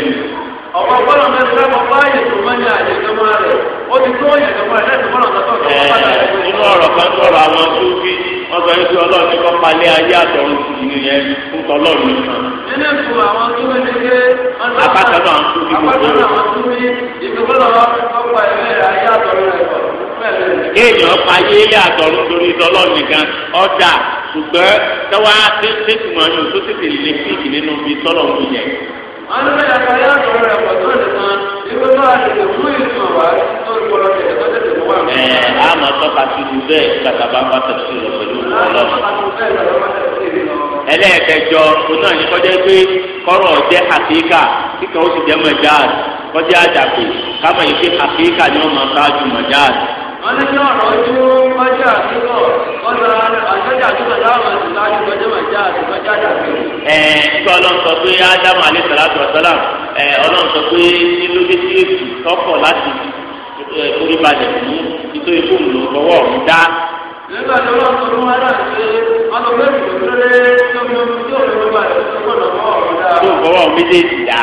B: ọ̀pọ̀ gbọ́dọ̀ mi sọ fún báyìí tó máa ń yà àyè tó máa rẹ̀ ó ti tó yẹ̀ tó máa rẹ̀ tó máa rẹ̀ tó máa rẹ̀ nínú ọ̀rọ̀ kan tó ọ̀rọ̀ àwọn tó fi wọ́n sọ pé ń tọ́
A: ọlọ́run nìkan. nínú
B: àwọn tó ń lé lé. apákan náà ń tún ayé àtọ̀run rẹ̀. kéèyàn ayé ilé àtọ̀run
A: torí ìtọ́lọ́ nìkan ọ̀dà ṣùgbọ́n tẹ́wọ́ á ti yóò tó tètè lè tọ́lọ̀ ń yẹ.
B: rẹ̀ pọ̀ tó nìkan ìwé tètè mú ìtumọ̀ wá tó tètè tó tètè
A: mọ tọ́ka bẹ́ẹ̀ bá ọlọ́run. ẹlẹ́ẹ̀kẹjọ wọ́n ní kí ọ̀rọ̀ ojú ọjà àdúgbò
B: ọjà àjọjà àdúgbò láwọn àdúgbò àdúgbò ọjà àdúgbò ọjà àdúgbò. ẹ
A: kí ọlọ́run sọ pé ádámù alẹ́ sàlátù ọ̀sálà ẹ ọlọ́run sọ pé nínú bíbí èkì tọ́pọ̀ láti orí balẹ̀ fún nítorí fóònù ló lọ́wọ́ ọ̀run dá.
B: nígbà tí ọlọ́run sọ fún ádámù ṣe ọlọ́run
A: lọ́wọ́ méjèèjì dá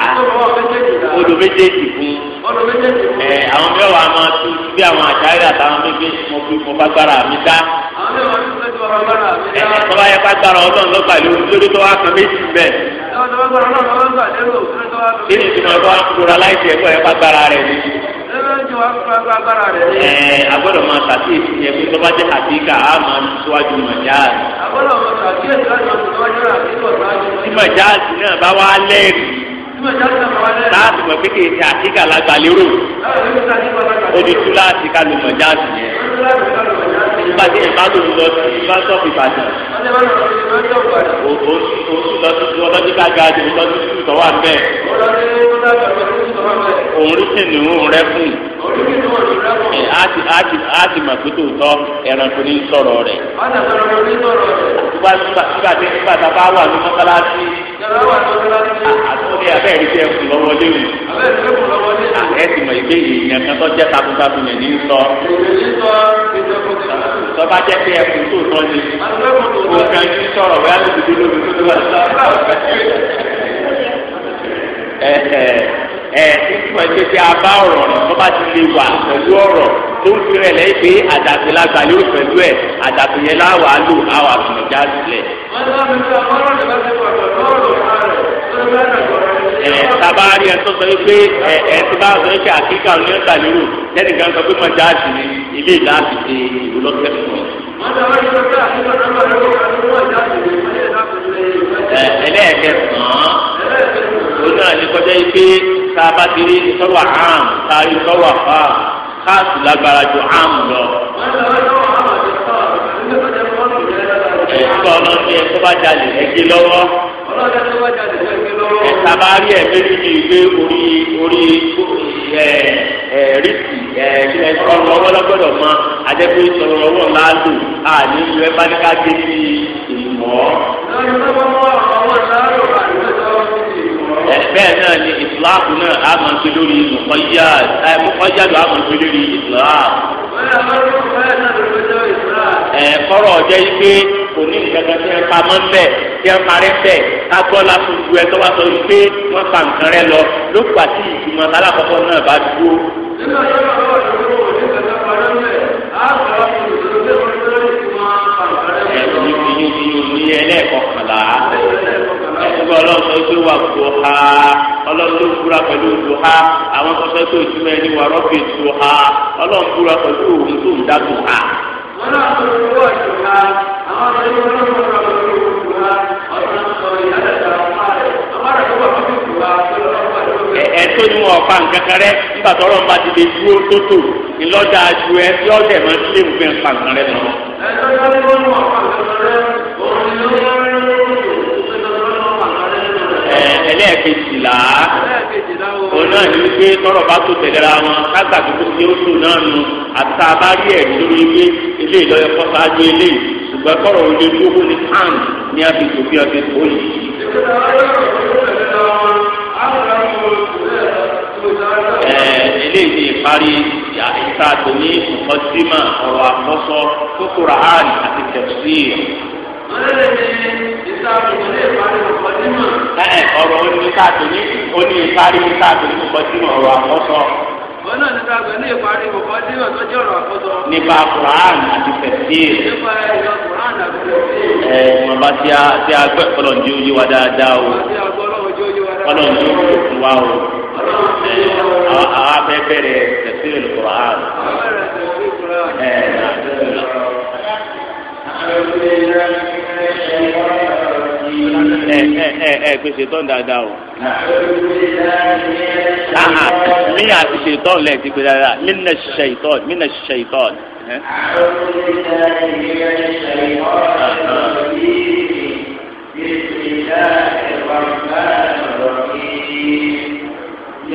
A: odò méjèèjì fún ọ̀nà méjèèjì. ẹ àwọn bí wàá máa tu bí àwọn àṣàyè àtàwọn méjì mo fi mo bá gbára mi dá. àwọn bí wàá tún tẹ́tí wọn gbára mi dá. ẹ tọ́ba yẹ ká gbára ọdún ló gbà lórí lórí tó wá kan méjì bẹ́ẹ̀. kí ni ìdùnnú ọdún wa kúrò aláìsí ẹ̀kọ́ yẹ ká gbára rẹ̀ ni. ẹ agbọ́dọ̀ máa ṣàkíyèsí yẹ pé tọ́ba jẹ́ àdíkà á máa síwájú mọ̀já. agbọ́dọ̀
B: máa ṣàkíyèsí láti láti
A: mọ̀ pé kéèké àkíkà lágbàlérò oditu láti kálù mọ̀jáàsì yẹn nígbàtí ẹ̀ bá lò lọ sí báṣọ̀pù ìbàdàn oṣù lọ́dún tí wọ́n lọ́dún gbàgbà àti lọ́dún tí tọ́wọ́ àbẹ́ òun rí sì nù òun rẹ fún un á ti mọ̀ pé tòótọ́ ẹranko ní sọ̀rọ̀ rẹ̀ bá nígbà nígbà tí nígbà tá a bá wà ní
B: mọ́sálásí. Ah,
A: àtúndì abẹ́ rí jẹ́ kù lọ́wọ́lé o. Ah, ẹ ti mọ̀ ìgbé èèyàn kan tó jẹ́ takuntakun yẹn ní sọ. tọ́ba jẹ́ pé ẹkùn tó tọ́ ni. kò kàn yín sọ̀rọ̀ wẹ́ẹ́ lóbi tó lóbi tó lóbi ẹ ìtumọ̀ ẹgbẹ́ tí a bá ọ̀rọ̀ rẹ̀ tó bá ti lè wà pẹ̀lú ọ̀rọ̀ tó ń fi rẹ̀ lẹ́yìn pé àdàbí lágbà yóò pẹ̀lú ẹ̀ àdàbí yẹn láwàá lò àwọn àtúnjà sílẹ̀.
B: ẹ tabaari
A: ẹ tó sọ yìí pé ẹ ẹ ti bá sọ yìí pé àkíkà ọ̀nà ẹ̀ta lérò lẹ́nu kan sọ pé mo já sí ilé ìlà ṣe ìwúlọ́sẹ̀ fún ọ. ẹ ẹlẹ́ẹ̀kẹsàn-án òun náà ní kọjá yìí pé tá a bá ti rí sọ́rọ̀ àm tá a rí sọ́rọ̀ àfà káàsì lágbára ju àm lọ. ẹ̀sọ́ ọ̀nà tí ẹ̀sọ́ bá jalè ẹ̀gé lọ́wọ́. ẹ̀sà bá rí ẹ̀fẹ́ níbi ìwé orí orí ẹ̀ ẹ̀ rìsì ẹ̀ ẹ̀sọ́ ọ̀nà ọwọ́ lọ́gbọ́dọ̀ mọ adẹ́gbẹ́ ìṣòro ọwọ́ ńlá lò àní ìlú bá ní ká gé sí ìmọ̀ bẹ́ẹ̀ náà ni ìsìláàmù náà á máa gbé lórí mọ̀kọ́yá ẹ mọ̀kọ́yá ló á máa gbé lórí ìsìláàmù. ẹ kọ́rọ̀ ọ̀jẹ́ yìí pé kò ní ìjọba tí wọ́n pamọ́ ńbẹ̀ tí wọ́n parí ńbẹ̀ agbọ́lá fún ẹ tó wá sọ wípé wọ́n pa nǹkan rẹ lọ ló gbà tí ìgbìmọ̀ alákọ̀ọ́kọ́ náà bá dúró. nígbà yóò bá wà lóko nígbà tó pé ọlọ́run sọ pé wà tó ha ọlọ́run tó búra pẹ̀lú tó ha àwọn kan sọ pé ìtumọ̀ ẹni wà rọ́bì tó ha ọlọ́run búra pẹ̀lú òun tó ń dá tó ha.
B: wọ́n náà tó ń wọ́ ìtura àwọn ọmọ ilé wọn ló ń bọ̀ pẹ̀lú ìtura ọ̀sán sọ ìyálẹ̀ta ọmọ rẹ̀ ọmọ rẹ̀ tó wà pẹ̀lú ìtura tó lọ́
A: ẹ tó ní wọn ọ̀pá nǹkan kan rẹ nígbà tó ọlọ́run bá ti lè dúró tó tò ńlọ́dà ju ẹ tí ọ̀dẹ̀ máa ń lé nǹkan nǹkan rẹ lọ. ẹ
B: tó ní wọn ọ̀pá nǹkan
A: ẹlẹ́ẹ̀kejìlá òun náà ní wípé tọrọ bá tó tẹ̀lera wọn kágbà tó ti ó tó náà nu àtà bá rí ẹ̀rí lórí pé ilé ìlọ́yọ̀ kọ́ sáájú ilé ṣùgbọ́n tọrọ òun lè dúró ní hàn ní àfihàn bí ọdún tó yìí. eléyìí ìparí ìta àtòní nǹkan símà ọ̀rọ̀ àkọ́sọ tó kóra àti tẹ̀síì.
B: ọ̀rọ̀ oní sáàtò ní oní ìparí sáàtò
A: ní mọ̀kọ́dínmọ̀ ọ̀rọ̀ àkọ́sọ.
B: wọn ní sáàtò ní ìparí tó jẹ́ ọ̀rọ̀ àkọ́sọ. nípa Qur'an àti nípa ẹ̀yọ Qur'an
A: àti ẹ a a kọlọ̀ ní wa dáadáa o. kọlọ̀ ní wa o. àwọn abẹ́bẹ̀rẹ̀ Qur'an. ẹ ẹ ẹ gbèsè tán dáadáa o.
B: Ah, ah, mi
A: àti ṣètọ́n lẹ́yìn ti gbé dáadáa mi nà ṣètọ́n mi nà ṣètọ́n.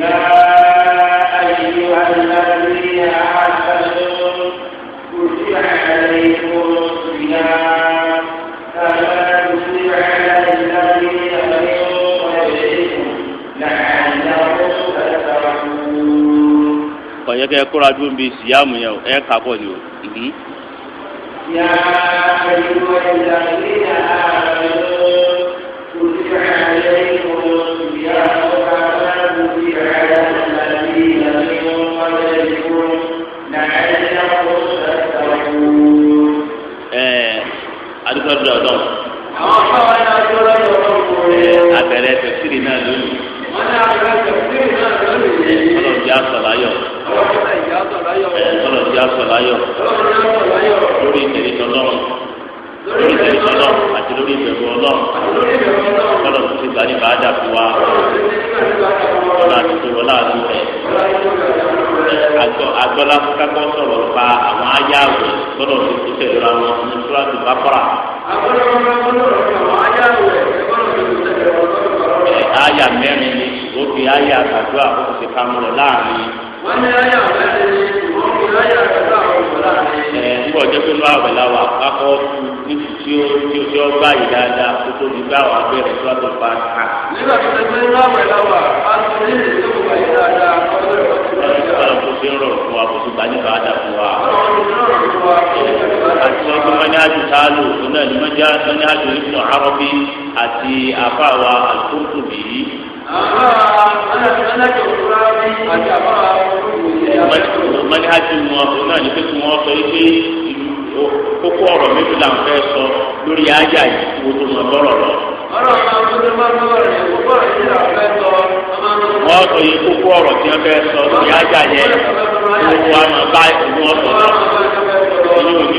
B: يا أيها الذين آمنوا
A: kẹ́ ẹ kóra dúró bíi síyáàmù yẹn o ẹ kà bọ̀ ni o.
B: yà á ẹ̀rọ ìlà ilé yà á ẹ̀rọ òṣìṣẹ́ àlẹ́ ìwọ̀n ìyá ọba aláàbòsí ẹ̀rọ ìlànà ìlànà ìwọ̀n ọ̀rẹ́ ìwọ̀n nàá ẹ̀yà ọ̀ṣọ́
A: ẹ̀ṣọ́ ẹ̀ adúgbò ọ̀dọ́. àwọn ọ̀ṣọ́ wa náà
B: tó lọ́dọ̀ ọ̀rọ̀ kò rẹ̀.
A: àbẹ̀rẹ̀ tẹ̀sírì náà lónìí.
B: wọ́n náà bẹ̀rẹ̀ tẹ̀sírì náà lónìí. ọlọ́run jẹ́ àṣọ láyọ̀ ẹ̀ tọ́lọ̀ tí a sọ láyọ̀ lórí ìtẹ̀lé tọ́lọ́run lórí ìtẹ̀lé tọ́lọ́run àti lórí ìbẹ̀rù
A: ọlọ́run tọ́lọ̀ tó ti gbà ní bàádà fún wa tọ́lọ̀ àti tòwọ́ láàánú rẹ̀ agbọ́lá kákọ́ sọ̀rọ̀ pa àwọn ayáwó tọ́lọ̀ tó ti tẹ̀lé ra wọn ní túrádù bá kọ́ra.
B: àyà mẹ́rin
A: ni ó fi àyà àgbàdo àkókò ti ká mú láàrin.
B: wọ́n ní àyà mẹ́rin nígbà ọjọ́ pé lọ́wọ́ àwẹ̀ làwọn
A: akọ́ níbi tí ó tí ó tí ó gbà yìí dáadáa kó tó di gbà wà bẹ̀rẹ̀ tó àtọ̀ bá a. nígbà tó ṣe pé lọ́wọ́ àwẹ̀ làwọn akọ́ níbi tí ó gbà yìí dáadáa kó tó di gbà wà bẹ̀rẹ̀ tó àtọ̀ bá a. ọlọ́run kò sí ń rọrùn fún wa kò sí gbà nípa àdá wa. àti wọn kí wọn ní àjò sáálù òun náà ní wọn ní àjò àti àfáàwà àtúntò
B: mọ́níhájú wọn
A: òun náà ní pé kí wọ́n sọ pé kókó ọ̀rọ̀ méjì là ń fẹ́ sọ lórí ajá yìí wo tó mọ̀ lọ́rọ̀ lọ. ọ̀rọ̀ kan tó lè má lọ́wọ́ rẹ̀
B: kókó ọ̀rọ̀ yìí là ń fẹ́ sọ. wọ́n sọ
A: yìí kókó ọ̀rọ̀ tí wọ́n fẹ́ sọ lórí ajá yẹn kókó àwọn ní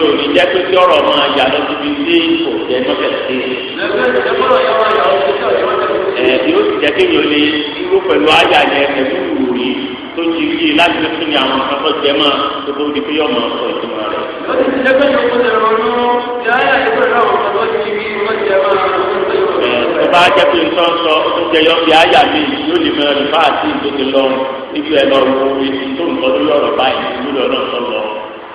A: òní pé kí ọ̀rọ̀ máa yà lọ síbi ilé ìfò jẹ́ nọ́fẹ̀ẹ́ ẹ yóò ti jẹ kéèyàn lè dúró pẹ̀lú àyà yẹn pẹ̀lú ìwúrí tó ti rí i láti fi ní àwọn ọ̀sán jẹ mọ́ tó bó di pé yóò mọ̀ ọ̀sán ìtumọ̀ rẹ̀. tó bá jẹ́ pé nǹkan sọ tó jẹ yọ bí àyà mi yóò lè mẹ́rin nípa àti ìdókè lọ ibi ẹ̀ lọ wo ibi tó ń tọ́ lórí ọ̀rọ̀ báyìí lórí ọ̀nà tó lọ.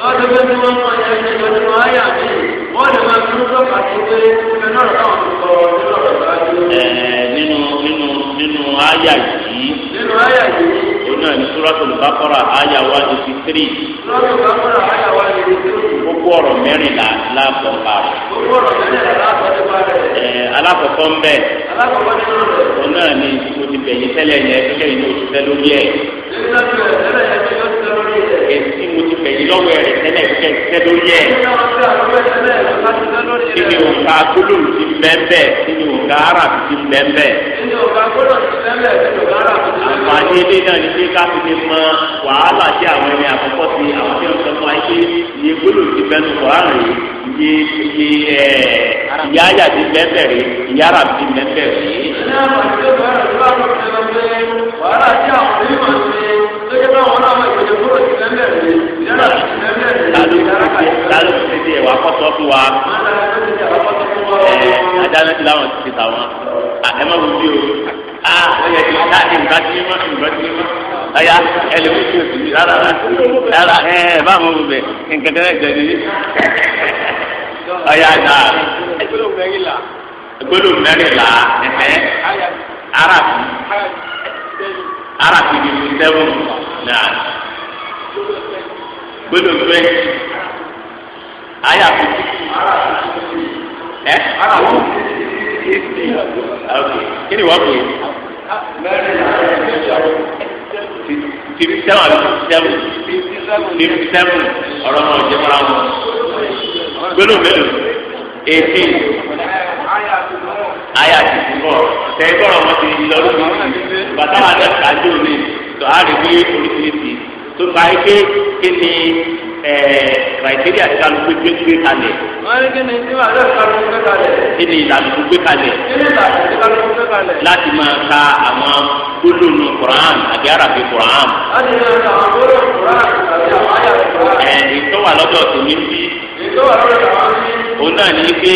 B: ọ̀dọ́ bẹ́ẹ̀ ni wọ́n mọ̀ ẹ̀ ẹ̀ lọ́dún àyà mi wọ́n lè máa fi ń sọ́kà sí pé ẹ̀ náà àyà yìí. nínú àyà
A: yìí. o náà ní suratul Baqara àyà wa ní ti tírì. suratul Baqara àyà wa ní ti tírì. gbogbo ọ̀rọ̀ mẹ́rin la láàbọ̀ bá rẹ̀. gbogbo
B: ọ̀rọ̀ mẹ́rin la láàbọ̀
A: bá rẹ̀. ẹ alákọ̀ọ́kọ́ ń bẹ̀.
B: alákọ̀ọ́kọ́ nínú rẹ̀.
A: o náà ní o ti bẹ̀yìn tẹ́lẹ̀ yẹn tẹ́lẹ̀ yìí ní o ti tẹ́ lórí ẹ̀. nínú ẹ̀rí lọ́wọ́ ẹ̀rẹ̀ tẹ́lẹ̀ kẹ́kẹ́ lórí ẹ̀. kí ni òǹkà gbólò ti bẹ́ẹ̀ kí ni òǹkà arábì ti bẹ́ẹ̀. àǹfààní ilé náà ni pé ká fi lè mọ wàhálà tí àwọn ẹni àkọ́kọ́ ti àwọn tí wọ́n sọ fún wa pé iye gbólò ti bẹ́ẹ̀ nù wàhálà yìí iye ẹ̀ ìyá àyà ti bẹ́ẹ̀ rè ìyá arábì ti bẹ́ẹ̀ rè.
B: wàhálà tí àwọn onímọ̀ ṣe pé àwọn náà máa ìgbèjọ tó ti lẹ́lẹ̀ rẹ̀ yálà ti lẹ́lẹ̀ rẹ̀ lálù
A: lálù ti di ẹ̀wà kọ́tọ́ fún wa. ẹ adáná ti láwọn ti ti tà wọn ẹ má wọlé o a ẹyẹ ti ká ìgbà tí ma ìgbà tí ma aya ẹlẹ́wọ̀n tí o ti rárá rárá ẹ bá wọn bẹ nǹkan tẹ́lẹ̀ jẹ ní. ọ̀ya ẹ̀dá
B: ẹgbẹ́lógún mẹ́rin là arabu
A: ara ti di ti sẹ́wọ̀n náà gbọ́dọ̀
B: fẹ́ ayé àti ẹ kí ni
A: wọ́n pè é tìrì sẹ́wọ̀n àti sẹ́wọ̀n tìrì sẹ́wọ̀n ọ̀rọ̀ náà jẹ́ fara wọn gbọ́dọ̀ mélòó eighteen. ayé àtìkú bọ̀ tẹ̀yìn bọ̀rọ̀ wọn ti lọ lórí bàtà wà ní àjò ní tó a lè gbé oríṣiríṣi tó ka yí pé kí ni criteria ti kalu gbé gbé
B: wọ́n kí ni ìlànà tó gbé
A: kalẹ̀. kí ni ìlànà tó gbé kalẹ̀. láti máa ka àwọn gbólóhùn Quran àti arabi láti máa ka àwọn gbólóhùn Quran àti àwọn ayà Quran. ẹ̀ ìtọ́wà lọ́dọ̀ tó ní bí.
B: ìtọ́wà lọ́dọ̀ tó ní
A: bí. òun náà ní pé.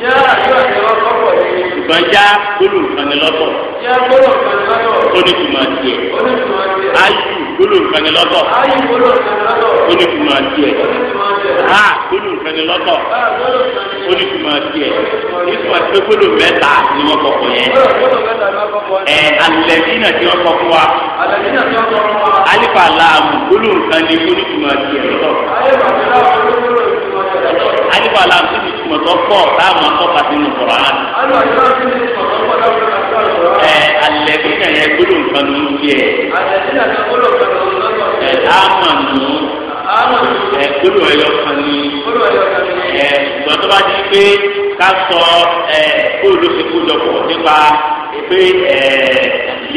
A: ṣùgbọ́n já gbólóǹkanì lọ́tọ̀ ó ní tùmọ̀ tiẹ̀ ayù gbólóǹkanì lọ́tọ̀ ó ní tùmọ̀ tiẹ̀ ha gbólóǹkanì lọ́tọ̀ ó ní tùmọ̀ tiẹ̀ nípa pé gbólò mẹ́ta ni wọ́n kọ̀kọ̀ yẹn ẹ alẹ́dínà tí wọ́n kọ̀ fún wa alifa laamu gbólóǹkanì ó ní tùmọ̀ tiẹ̀ lọ́tọ̀ alifa laamu ìtumọ̀ tó pọ̀ táwọn akọ́ka sínú kọ̀ọ̀rọ̀ á. ẹ alẹ́ bí náà yẹ gbọ́dọ̀ nǹkan ló ń yẹ. ẹ àmọ̀ nù. ẹ gbọ́dọ̀ ẹ̀yọ kan ní. ẹ ìgbọ́n tó bá di pé ká sọ ẹ kó ló ṣe kó jọ pọ̀ nípa pé ẹ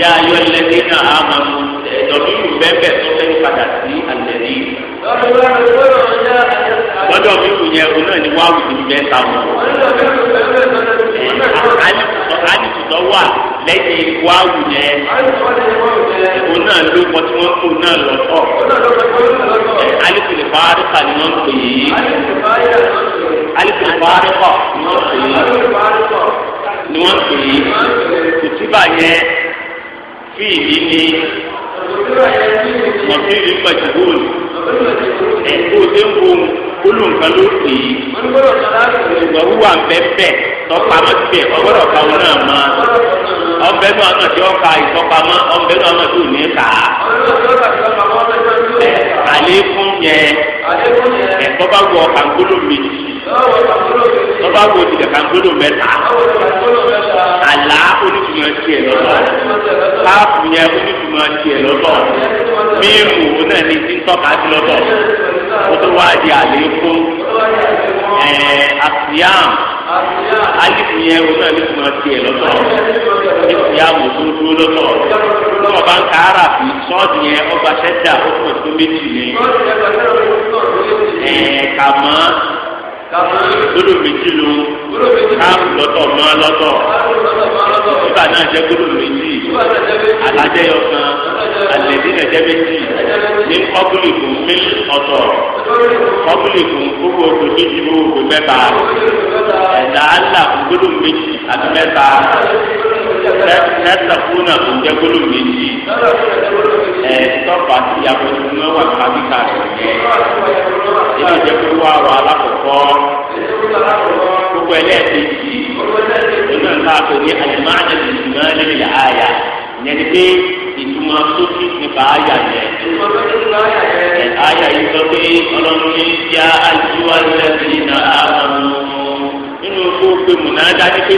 A: yá ayọ́ ẹlẹ́dẹ́ náà á mọ̀ ẹ̀dọ̀dún yìí bẹ́ẹ̀ tó fẹ́ padà sí àlẹ́dẹ́ yìí. lọ́dọ̀ mi kù yẹn o náà ni wàá wùdí bẹ́ẹ̀ ta wọn. alìsùtọ̀ wà lẹ́yìn wàá wù yẹn o náà ló kọ tí wọ́n kú náà lọ́tọ̀. alìsùlẹ̀ fàárìkà ni wọ́n pè é. alìsùlẹ̀ fàárìkà ni wọ́n pè é. ni wọ́n pè é. kùtùbà yẹn fíìlì ni mọ̀fíìlì majibóòl ẹ̀kọ́ dénbó olùǹkan ló pè é wàhùwà bẹ́ẹ̀ tọ́pamọ́ síbẹ̀ ọgbọ́dọ̀ ka wọn náà mọ́ ọbẹ̀ náà náà tí wọ́n ka ìtọ́pamọ́ ọbẹ̀ náà náà tí ò ní kà á. àlékún yẹn ẹ̀kọ́ bá wọ kàngóló méjì tọ́ba wo tilẹ̀ kàngóló mẹ́ta àlá onídùúmọ̀ tiẹ̀ lọ́tọ̀ káàpù yẹn onídùúmọ̀ tiẹ̀ lọ́tọ̀ mímu òun náà ní ti ń tọ́ka sí lọ́tọ̀ ó tó wá di àlékó ẹ̀ẹ́ àsíyàm alifu yẹn òun náà onídùúmọ̀ tiẹ̀ lọ́tọ̀ ìsíyàm òun dúró lọ́tọ̀ tí wọ́n bá ń ka ara fi sọ́ọ̀dì yẹn ọgbà sẹ́dá ó pọ̀ tó méjì ní ẹ̀ẹ́ kàmọ́ gbódò méjì ló káàmù lọ́tọ̀ mọ́ lọ́tọ̀ nígbà náà jẹ́ gbódò méjì alájẹyọ kan alẹ́dí nàjẹ́ méjì ní pọ́bùlìkù mí ọ̀tọ̀ pọ́bùlìkù gbogbo ògbò méjì gbogbo ògbò mẹ́ta ẹ̀dá àlà gbódò méjì àti mẹ́ta mẹ́ta fúnà kò jẹ́ gbódò méjì ẹ̀ tọ́pọ̀ àti ìyàwó ìdùnnú wà kábíkà rẹ̀ yẹn. ilé ìjẹ́pẹ́ wà rọ̀ alákọ̀ọ́kọ́ gbogbo ẹlẹ́ẹ̀kejì ìlú náà tó ní àyèmáàdà ìdùnnà lẹ́yìn àyà yẹni pé ìtumọ̀ sókè nípa àyà yẹn. àyà yìí sọ pé ọlọ́run ní yá nínú pé mùnádá ní pé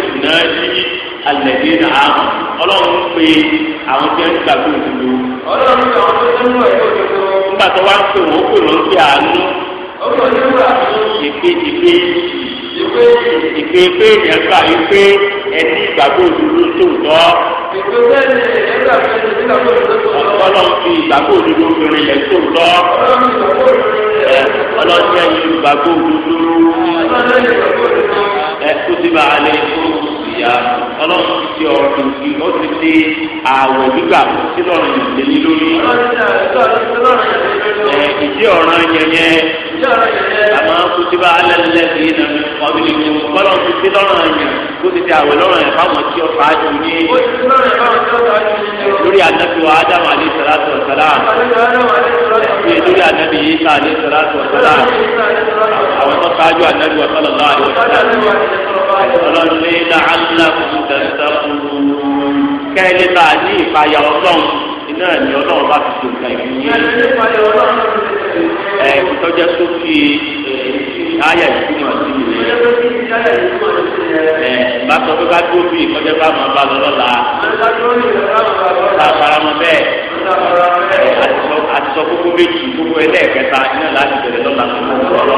A: náà ọlọ́run pé àwọn òdodo.
B: ọlọ́run ní àwọn tó ń yóò
A: nígbà tó wá ń pè wọ́n pè wọ́n àánú. ọ̀rọ̀ nígbà ìpè ìpè ìpè ìpè pé èèyàn gbà yí pé ẹni ìgbàgbọ́ òdodo tó tọ́. ìpè bẹ́ẹ̀ni ẹgbẹ́ àfẹ́ni ìgbàgbọ́ òdodo tó tọ́. ọlọ́run fi ìgbàgbọ́ òdodo fèrè yẹn tó tọ́. ọlọ́run fi ìgbàgbọ́ òdodo ẹ tó ti bá a lè fún ìyá ọlọ́run ti ọ̀rọ̀ ìdí ó ti di àwọ̀ gbígbà sílọ̀rọ̀ ìdílé lórí. ìdí ọ̀ràn yẹn yẹn àmọ́ kutiba alẹ́lẹ́ bíi nà ọ̀bìlì mi kọ́lọ́ ti ti lọ́rọ̀ yẹn kó ti ti àwẹ̀ lọ́rọ̀ yẹn fáwọn tí ó fàájú ní. lórí anabi wa adamu alayhi salatu wa salam lórí anabi yisa alayhi salatu wa salam àwọn tó fàájú anabi wa sallallahu alayhi wa salam ọlọ́run ní làálà kùn tẹ̀sán kẹ́lẹ́ bá ní ìpayà ọlọ́run iná ẹ̀mí ọlọ́run bá fi ṣe nǹkan yín ẹ tọ́jà sófì ayà ìtumọ̀ sí mi. ẹ bá sọ pé ká tó bí kọjá bá máa bá lọ lọ́la. sàfara mọ bẹ́ẹ̀ àtisọ kókó méjì kókó ẹlẹ́ẹ̀kẹta iná láti bẹ̀rẹ̀ lọ́la tó lọ.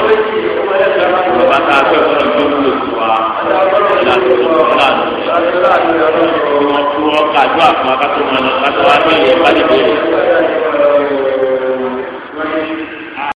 A: bàbá tá a fẹ́ fọ́nà tó wúlò fún wa. Wọ́n kú
C: ọkà àdúrà fún akátó wọn lọ, akátó wọn lọ yẹ bá lè bẹ̀rẹ̀.